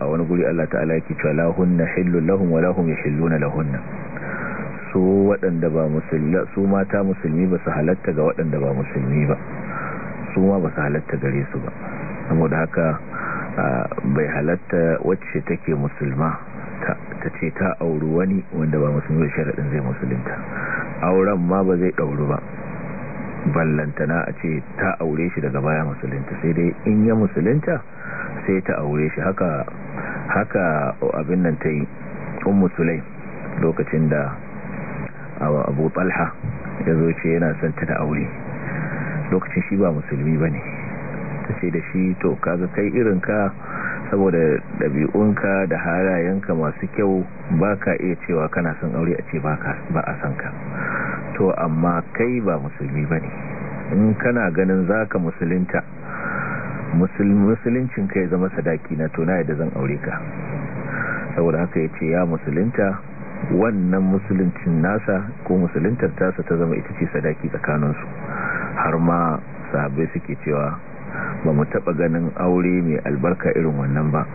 a wani guri Allah ta'ala yake cewa lahunna hillul lahum wa lahum yahilluna lahunna su waɗanda ba musulmi su mata musulmi ba su halatta ga waɗanda ba musulmi ba su ma ba su halatta gare su ba saboda haka bai halatta wacce take musulma ta ce ta auri wani wanda ba musulmi sharaɗin zai musulunta auren ma ba zai ɗauru ba ballantana a ce ta aure shi daga baya musulunta sai dai in ya musulunta sai ta aure shi haka haka abin nan ta yi un musulai lokacin da abu talha ya zo ce yana son ta da aure lokacin shi ba musulmi ba ne ta ce da shi to kaga kai irin ka saboda ɗabi'unka da halayenka masu kyau ba ka iya cewa kana son aure a ce ba a son ka to amma kai ba musulmi ba ne in kana ganin za ka musulinta musuluncin kai zama sadaki na tuna yadda zan aure ka saboda haka ya ce ya musulinta wannan musuluncin nasa ko musuluntar tasa ta zama ita ce sadaki tsakaninsu har ma sahabai suke cewa ba mu taɓa ganin aure mai albarka irin wannan ba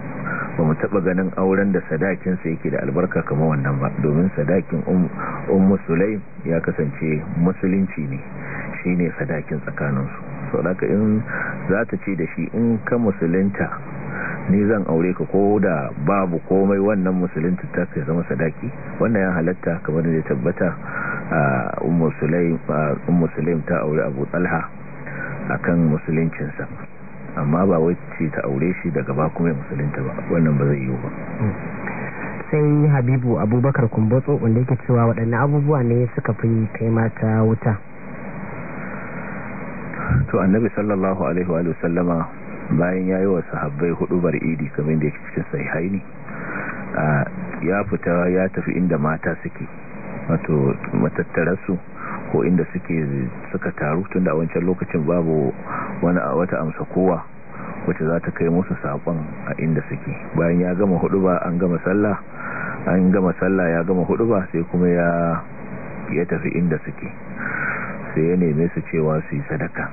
ba mu taɓa ganin auren da sadakinsa yake da albarka kamar wannan ba domin sadakin um, ummu sulaim ya kasance musulunci ne shine ne sadakin tsakaninsu sau da ka in za ta ce da shi in ka musulunta ni zan aure ka ko da babu komai wannan musulunta ta kai zama sadaki wannan ya halatta kamar da ya tabbata ummu sulaim ta aure abu talha akan musuluncinsa amma ba wacce ta aure shi daga ba kuma musulunta ba wannan ba zai yiwu ba sai habibu abubakar kumbatso wanda yake cewa waɗanne abubuwa ne suka fi kai mata wuta to annabi sallallahu alaihi wa sallama bayan yayi wa sahabbai hudu bar idi kamar da yake cikin sahihaini ya fita ya tafi inda mata suke wato matattararsu ko inda suke suka taru tunda a wancan lokacin babu wani wata amsa kowa wacce za ta kai musu saƙon a inda suke bayan ya gama hudu ba an gama sallah an gama sallah ya gama hudu ba sai kuma ya ya tafi inda suke sai ya neme su cewa su yi sadaka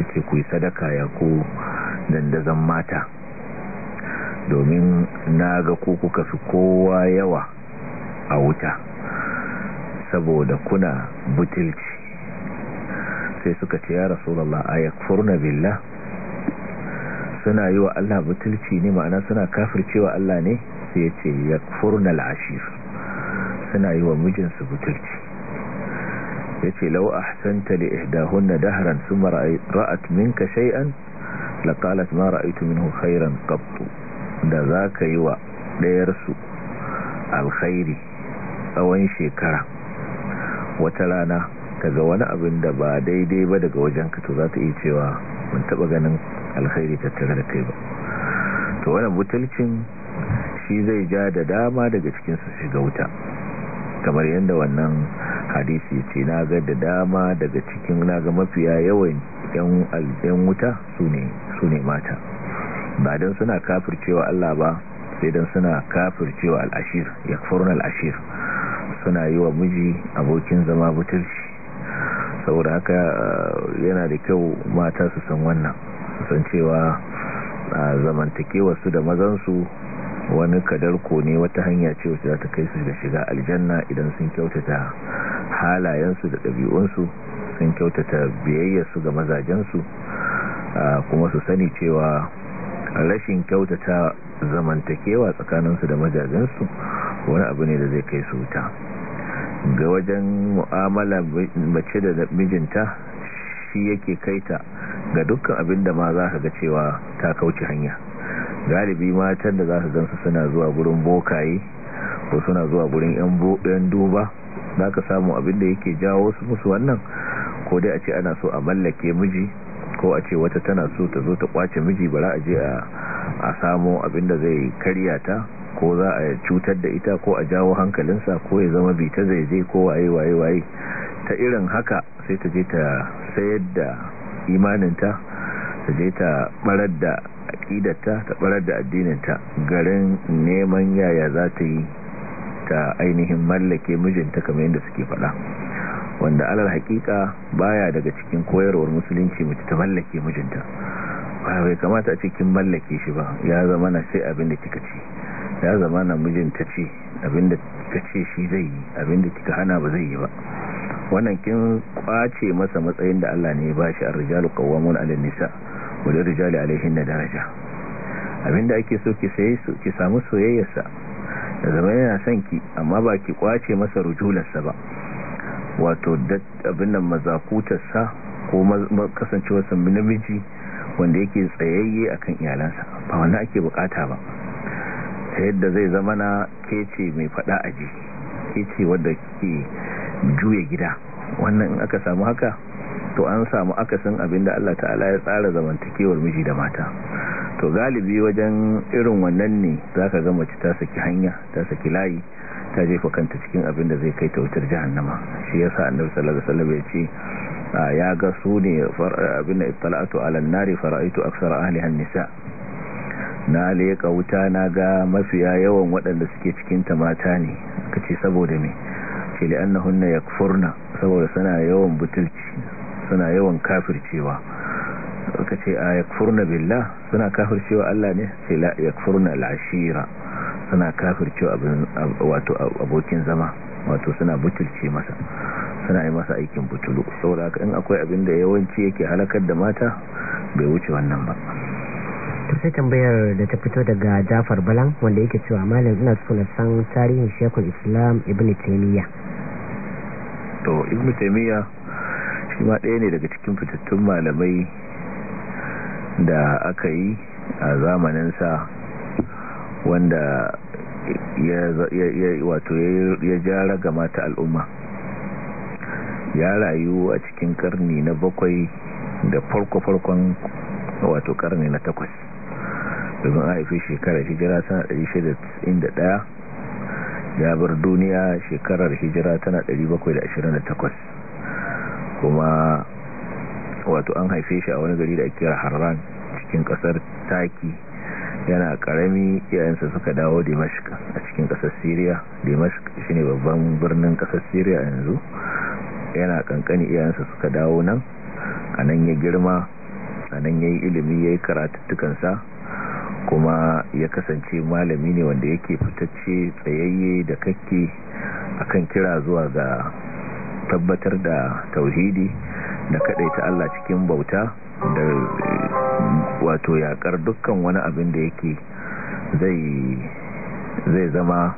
yace ku yi sadaka ya ku dandazan mata domin na ga ko kuka fi kowa yawa a wuta saboda kuna butulci sai suka ce ya rasulallah a billah suna yi wa Allah butulci ne ma'ana suna kafircewa Allah ne sai ya ce yakfurna al'ashir suna yi wa mijinsu butulci ya ce lau ahsanta li na dahran summa ra'at minka shay'an laqalat ma ra'aytu minhu khairan da zaka yi wa dayarsu alkhairi tsawon shekara wata rana kaga wani abin da ba daidai ba daga wajen ka to za ta iya cewa mun taba ganin alkhairi tattare da kai ba to wannan butulcin shi zai ja da dama daga cikin su shiga wuta kamar yadda wannan hadisi ce na ga da dama daga cikin na ga mafiya yawan yan aljan wuta su ne mata ba don suna kafircewa Allah ba sai don suna kafircewa al'ashir ya furna al'ashir suna yi wa miji abokin zama butulci saboda haka eh, yana da kyau mata su san wannan san cewa eh, zamantakewarsu da mazansu wani kadarko ne wata hanya ce wacce za ta kai su da shiga aljanna idan sun kyautata halayensu da ɗabi'unsu sun kyautata biyayyarsu ga mazajensu eh, kuma su sani cewa rashin kyautata zamantakewa tsakaninsu da mazajensu wani abu ne da zai kai su wuta ga wajen mu'amala mace da mijinta shi yake kaita ga dukkan abinda da ma za ka ga cewa ta kauce hanya galibi matan da za ka gansu suna zuwa gurin bokaye ko suna zuwa gurin yan duba za ka samu abin da yake jawo su musu wannan ko dai a ce ana so a mallake miji ko a ce wata tana so ta zo ta kwace miji bara a je a samo abin da zai karya ta ko za a cutar da ita ko a jawo hankalinsa ko ya zama bita zai zai ko waye waye waye ta irin haka sai ta je ta sayar da imaninta ta je ta barar da aqidarta ta barar da addininta garin neman yaya za ta yi ta ainihin mallake mijinta kamar yadda suke faɗa wanda alal hakika baya daga cikin koyarwar musulunci mace ta mallake mijinta ba bai kamata a cikin mallake shi ba ya zama na sai abin da kika ci ya zama na mijinta ce abinda ta ce shi zai yi abinda kika hana ba zai yi ba wannan kin kwace masa matsayin da Allah ne ya bashi ar-rijalu qawwamun 'ala an-nisa wa ar-rijalu 'alayhinna daraja abinda ake so ki sai su ki samu soyayyarsa da zama yana son ki amma ba ki kwace masa rujularsa ba wato abin nan mazakutarsa ko kasancewarsa namiji wanda yake tsayayye akan iyalansa ba wannan ake bukata ba ta yadda zai zama na kece mai fada aji kece wadda ke juya gida wannan in aka samu haka to an samu akasin abinda Allah ta'ala ya tsara zamantakewar miji da mata to galibi wajen irin wannan ne zaka ga mace ta saki hanya ta saki layi ta jefa kanta cikin abinda zai kai ta wutar nama shi yasa annabi sallallahu alaihi wasallam ya ce ya ga su ne abin da ittala'atu ala an-nari fara'aitu aktsara ahliha an-nisa na leƙa wuta na ga mafiya yawan waɗanda suke cikinta mata ne ka ce saboda ne ce li ya yakfurna saboda suna yawan butulci suna yawan kafircewa ka ce a yakfurna billah suna kafircewa Allah ne ce la yakfurna al'ashira suna kafircewa wato abokin zama wato suna butulci masa suna yi masa aikin butulu saboda haka in akwai abin da yawanci yake halakar da mata bai wuce wannan ba to sai tambayar da ta fito daga Jafar Balan wanda yake cewa malam ina so san tarihin Sheikhul Islam Ibn Taymiyyah to Ibn Taymiyyah shi ma ɗaya ne daga cikin fitattun malamai da aka yi a zamaninsa wanda ya wato ya jara ga mata al'umma ya rayu a cikin karni na bakwai da farko-farkon wato karni na takwas domin a haifi shekarar hijira tana 691 ya bar duniya shekarar hijira tana 728 kuma wato an haife shi a wani gari da ake harran cikin kasar taki yana karami iyayensa suka dawo dimashq a cikin kasar syria shi ne babban birnin kasar syria yanzu yana kankani iyayensa suka dawo nan a nan ya girma a nan ya yi ilimi ya yi karatattukansa kuma ya kasance malami ne wanda yake fitacce tsayayye da kakke akan kira zuwa ga tabbatar da tauhidi da ta Allah cikin bauta da wato yakar dukkan wani abin da yake zai zai zama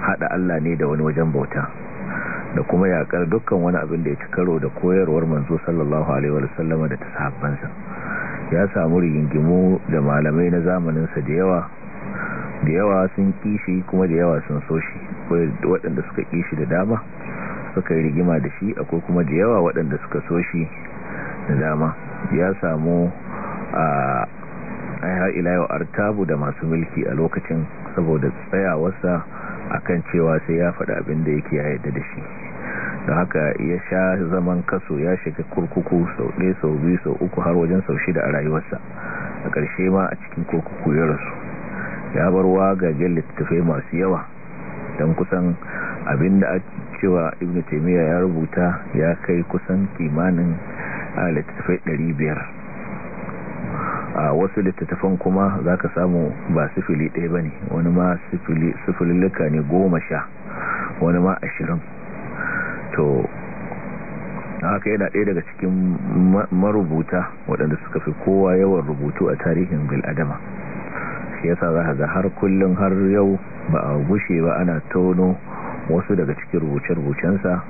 hada Allah ne da wani wajen bauta da kuma yakar dukkan wani abin da ya ci karo da koyarwar manzo sallallahu alaihi sallama da sahabbansa ya samu rigingimu da malamai na zamaninsa da yawa da yawa sun kishi kuma da yawa sun so shi waɗanda suka kishi da dama suka yi rigima da shi akwai kuma da yawa waɗanda suka so shi da dama ya samu a ila yau artabu da masu mulki a lokacin saboda tsayawarsa kan cewa sai ya faɗa abin da yake ya yadda da shi da haka ya sha zaman kaso ya shiga kurkuku sau ɗaya sau biyu sau uku har wajen sau shida a rayuwarsa a ƙarshe ma a cikin kurkuku ya rasu ya bar wagagen littattafai masu yawa don kusan abin da cewa ibn taimiyya ya rubuta ya kai kusan kimanin a littattafai ɗari biyar. a wasu littattafan kuma za ka samu ba sifili ɗaya ba ne wani ma sifililika ne goma sha wani ma ashirin to haka yana ɗaya daga cikin marubuta waɗanda suka fi kowa yawan rubutu a tarihin bil'adama shi yasa za ga har kullum har yau ba a gushe ba ana tono wasu daga cikin rubuce-rubucensa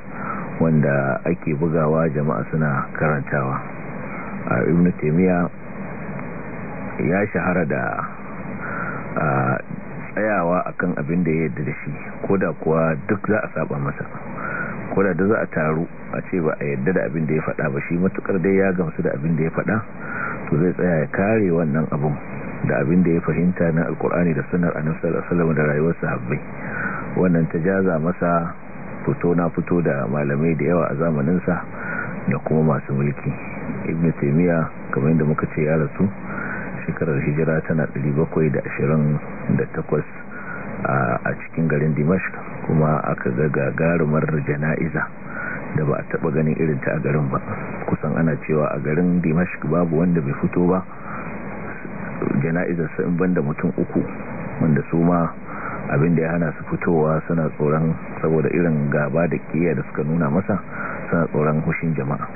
wanda ake bugawa jama'a suna karantawa a ibn taimiyya ya shahara da a tsayawa akan abin da ya yadda da shi ko da kuwa duk za a saba masa koda da za a taru a ce ba a yadda da abin da ya faɗa ba shi matukar dai ya gamsu da abin da ya faɗa to zai tsaya ya kare wannan abin da abin da ya fahimta na alkur'ani da sunar a nufsar asalama da rayuwar sahabbai wannan ta jaza masa fito na fito da malamai da yawa a zamaninsa da kuma masu mulki ibn taimiyya kamar yadda muka ce ya rasu shekarar hijira tana 728 a cikin garin dimashq kuma aka ga gagarumar jana'iza da ba a taba ganin irin ta a garin ba kusan ana cewa a garin dimashq babu wanda bai fito ba jana'izarsa in banda mutum uku wanda su ma abin da ya hana su fitowa suna tsoron saboda irin gaba da kiyaye da suka nuna masa suna tsoron hushin jama'a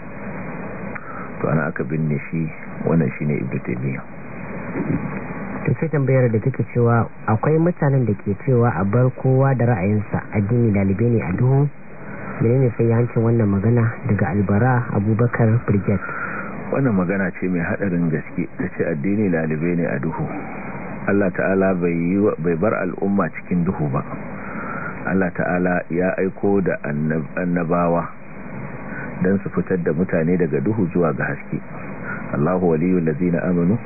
to ana aka binne shi wannan shine ibnu taymiya to sai tambayar da take cewa akwai mutanen da ke cewa a bar kowa da ra'ayinsa addini dalibe ne a duhu menene sai hancin wannan magana daga albara abubakar brigade wannan magana ce mai hadarin gaske ta ce addini dalibe ne a duhu Allah ta'ala bai bar al'umma cikin duhu ba Allah ta'ala ya aiko da annabawa don su fitar da mutane daga duhu zuwa ga haske Allahu waliyul lazina aminu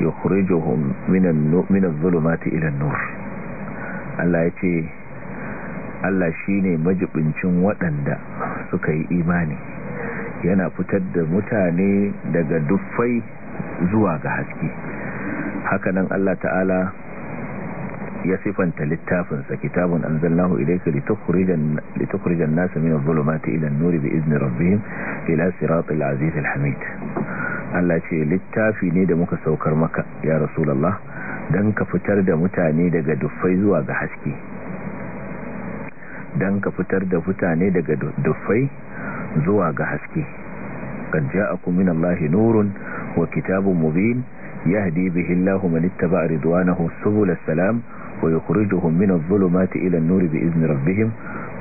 yukhrijuhum minan zulumati ila nur Allah yace Allah shine majibincin waɗanda suka yi imani yana fitar da mutane daga duffai zuwa ga haske hakanan Allah ta'ala ya sifanta littafinsa kitabun anzalnahu ilayka litukhrijan litukhrijan nasa min adh-dhulumati ila an-nuri ba izni rabbihim ila siratil azizil hamid Allah ce littafi ne da muka saukar maka ya rasulullah dan ka fitar da mutane daga dufai zuwa ga haske dan ka fitar da mutane daga dufai zuwa ga haske qad ja'akum min allahi nurun wa kitabun mubin يهدي به الله من اتبع رضوانه سبل السلام wa yukhrijuhum min adh-dhulumati ila an-nuri bi izni rabbihim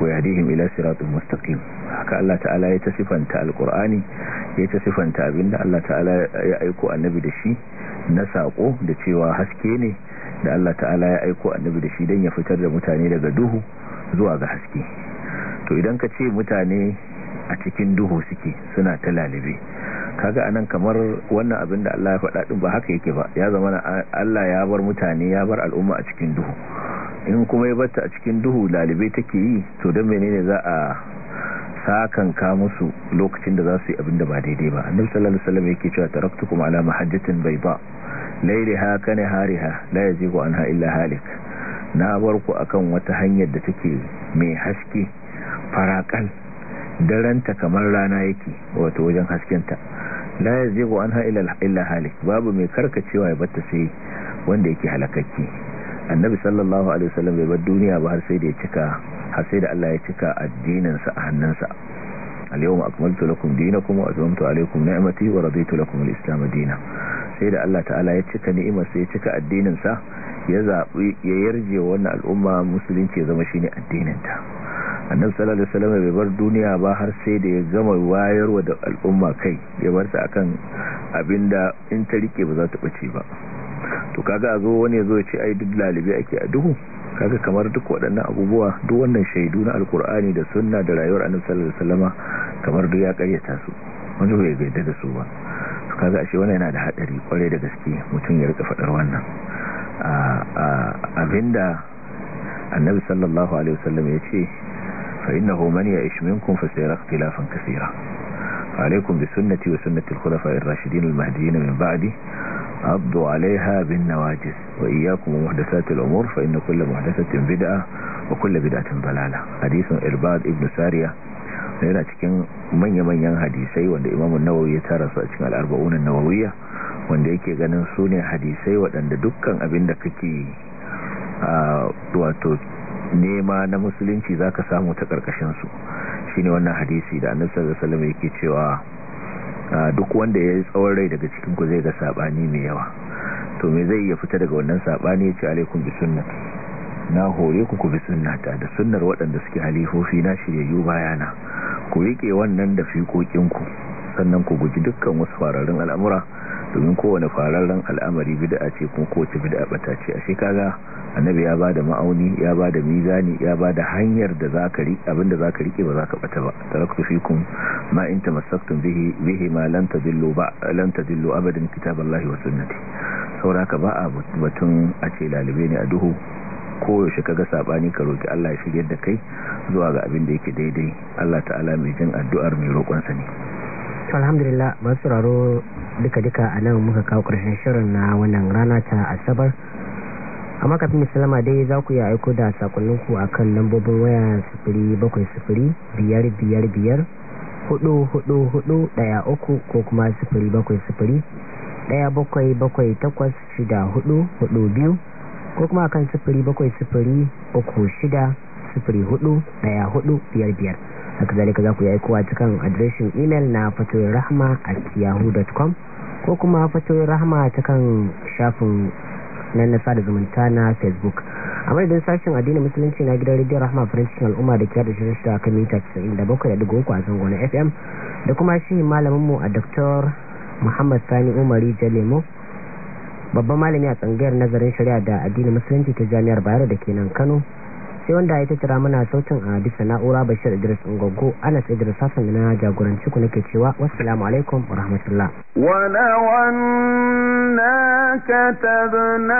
wa yahdihim ila siratin mustaqim haka Allah ta'ala ya tasifanta alkur'ani ya tasifanta abinda Allah ta'ala ya aiko annabi da shi na saƙo da cewa haske ne da Allah ta'ala ya aiko annabi da shi dan ya fitar da mutane daga duhu zuwa ga haske to idan ka ce mutane a cikin duhu suke suna ta lalibe kaga anan kamar wannan abin da Allah ya faɗa din ba haka yake ba ya zama Allah ya bar mutane ya bar al'umma a cikin duhu in kuma ya bata a cikin duhu lalibai take yi to don menene za a sakanka musu lokacin da za su yi abin da ba daidai ba annabi sallallahu alaihi wasallam yake cewa taraktukum ala mahajjatin bayda laylaha kana hariha la yazigu anha illa halik na bar ku akan wata hanyar da take mai haske farakal daranta kamar rana yake wato wajen haskenta la yazigu anha illa halik babu mai karkacewa ya batta sai wanda yake halakakki annabi sallallahu alaihi wasallam bai bar duniya ba har sai da ya cika har sai da Allah ya cika addinin sa a hannunsa al akmaltu lakum dinakum wa atmamtu alaykum ni'mati wa raditu lakum al-islam dinan sai da Allah ta'ala ya cika ni'imar sai ya cika addinin sa ya zabi ya yarje wannan al'umma musulunci ya zama shine addinin ta annabi sallallahu alaihi wasallam bai bar duniya ba har sai da ya gama wayarwa da al'umma kai ya bar su akan abinda in ta rike ba za ta bace ba to kaga a zo wani ya zo ya ce ai duk lalibi ake a duhu kaga kamar duk waɗannan abubuwa duk wannan shaidu na alkur'ani da sunna da rayuwar annabi sallallahu alaihi wasallama kamar duk ya karyata su wani bai gaida da su ba kaga ashe wannan yana da hadari kwarai da gaske mutum ya rika fadar wannan abinda annabi sallallahu alaihi wasallam ya ce فإنه من يعيش منكم فسيرى اختلافا كثيرا عليكم بسنتي وسنة الخلفاء الراشدين المهديين من بعدي عضوا عليها بالنواجس وإياكم ومحدثات الأمور فإن كل محدثة بدعة وكل بدعة ضلالة حديث إرباد ابن سارية yana cikin manya-manyan hadisai wanda imamun nawawi ya tara su a cikin al'arba'unan nawawiya wanda yake ganin su ne hadisai waɗanda dukkan abin da kake wato nema na musulunci zaka samu ta karkashin su shine wannan hadisi da annabi sallallahu alaihi wasallam yake cewa duk wanda ya yi tsawon rai daga cikin ku zai ga sabani mai yawa to me zai iya fita daga wannan sabani ya ce alaikum bi na hore ku ku bi sunnata da sunnar waɗanda suke halifofi na shiryayyu bayana ku riƙe wannan da fiƙoƙinku sannan ku guji dukkan wasu fararen al'amura domin kowane fararren al'amari bid'a ce kuma kowace bid'a bata ce a kaga annabi ya bada ma'auni ya bada mizani ya bada hanyar da zaka rike abinda zaka rike ba zaka bata ba taraktu fikum ma in tamassaktum bihi bihi ma lan tadillu ba lan tadillu abadan kitaballahi sauraka ba a batun a ce lalibe ne a duhu koyaushe kaga sabani ka roki Allah ya shiryar da kai zuwa ga abin da yake daidai Allah ta'ala mai jin addu'ar mai roƙonsa ne alhamdulillah masu sauraro duka-duka a nan muka kawo ƙarshen shirin na wannan rana ta asabar amma kafin misalama dai za ku yi aiko da sakonninku a kan lambobin waya sifiri bakwai sifiri biyar biyar biyar hudu ko kuma 0700 bakwai sifiri daya bakwai bakwai takwas shida ko kuma akan sifiri bakwai sifiri uku sifiri hudu daya hudu biyar biyar haka zalika za ku yi aikowa cikin adireshin imel na fatoyin rahama a yahoo.com ko kuma fatoyin rahama cikin shafin nan na zumunta na facebook a madadin sashen addinin musulunci na gidan rediyon rahama cikin al'umma da kiyar da shirin shi a kan mita 97.3 a zango na fm da kuma shi malaminmu a dr muhammad sani umari jalemo babban malami a tsangayar nazarin shari'a da addinin musulunci ta jami'ar bayero da ke nan kano sai wanda ya tattara mana sautin a bisa na'ura bashir idris ngogo sai idris sassan na jagoranci ku nake cewa wassalamu alaikum wa rahmatullah wa lawanna katabna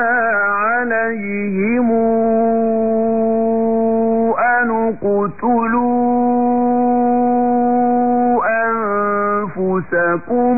mu an qutulu anfusakum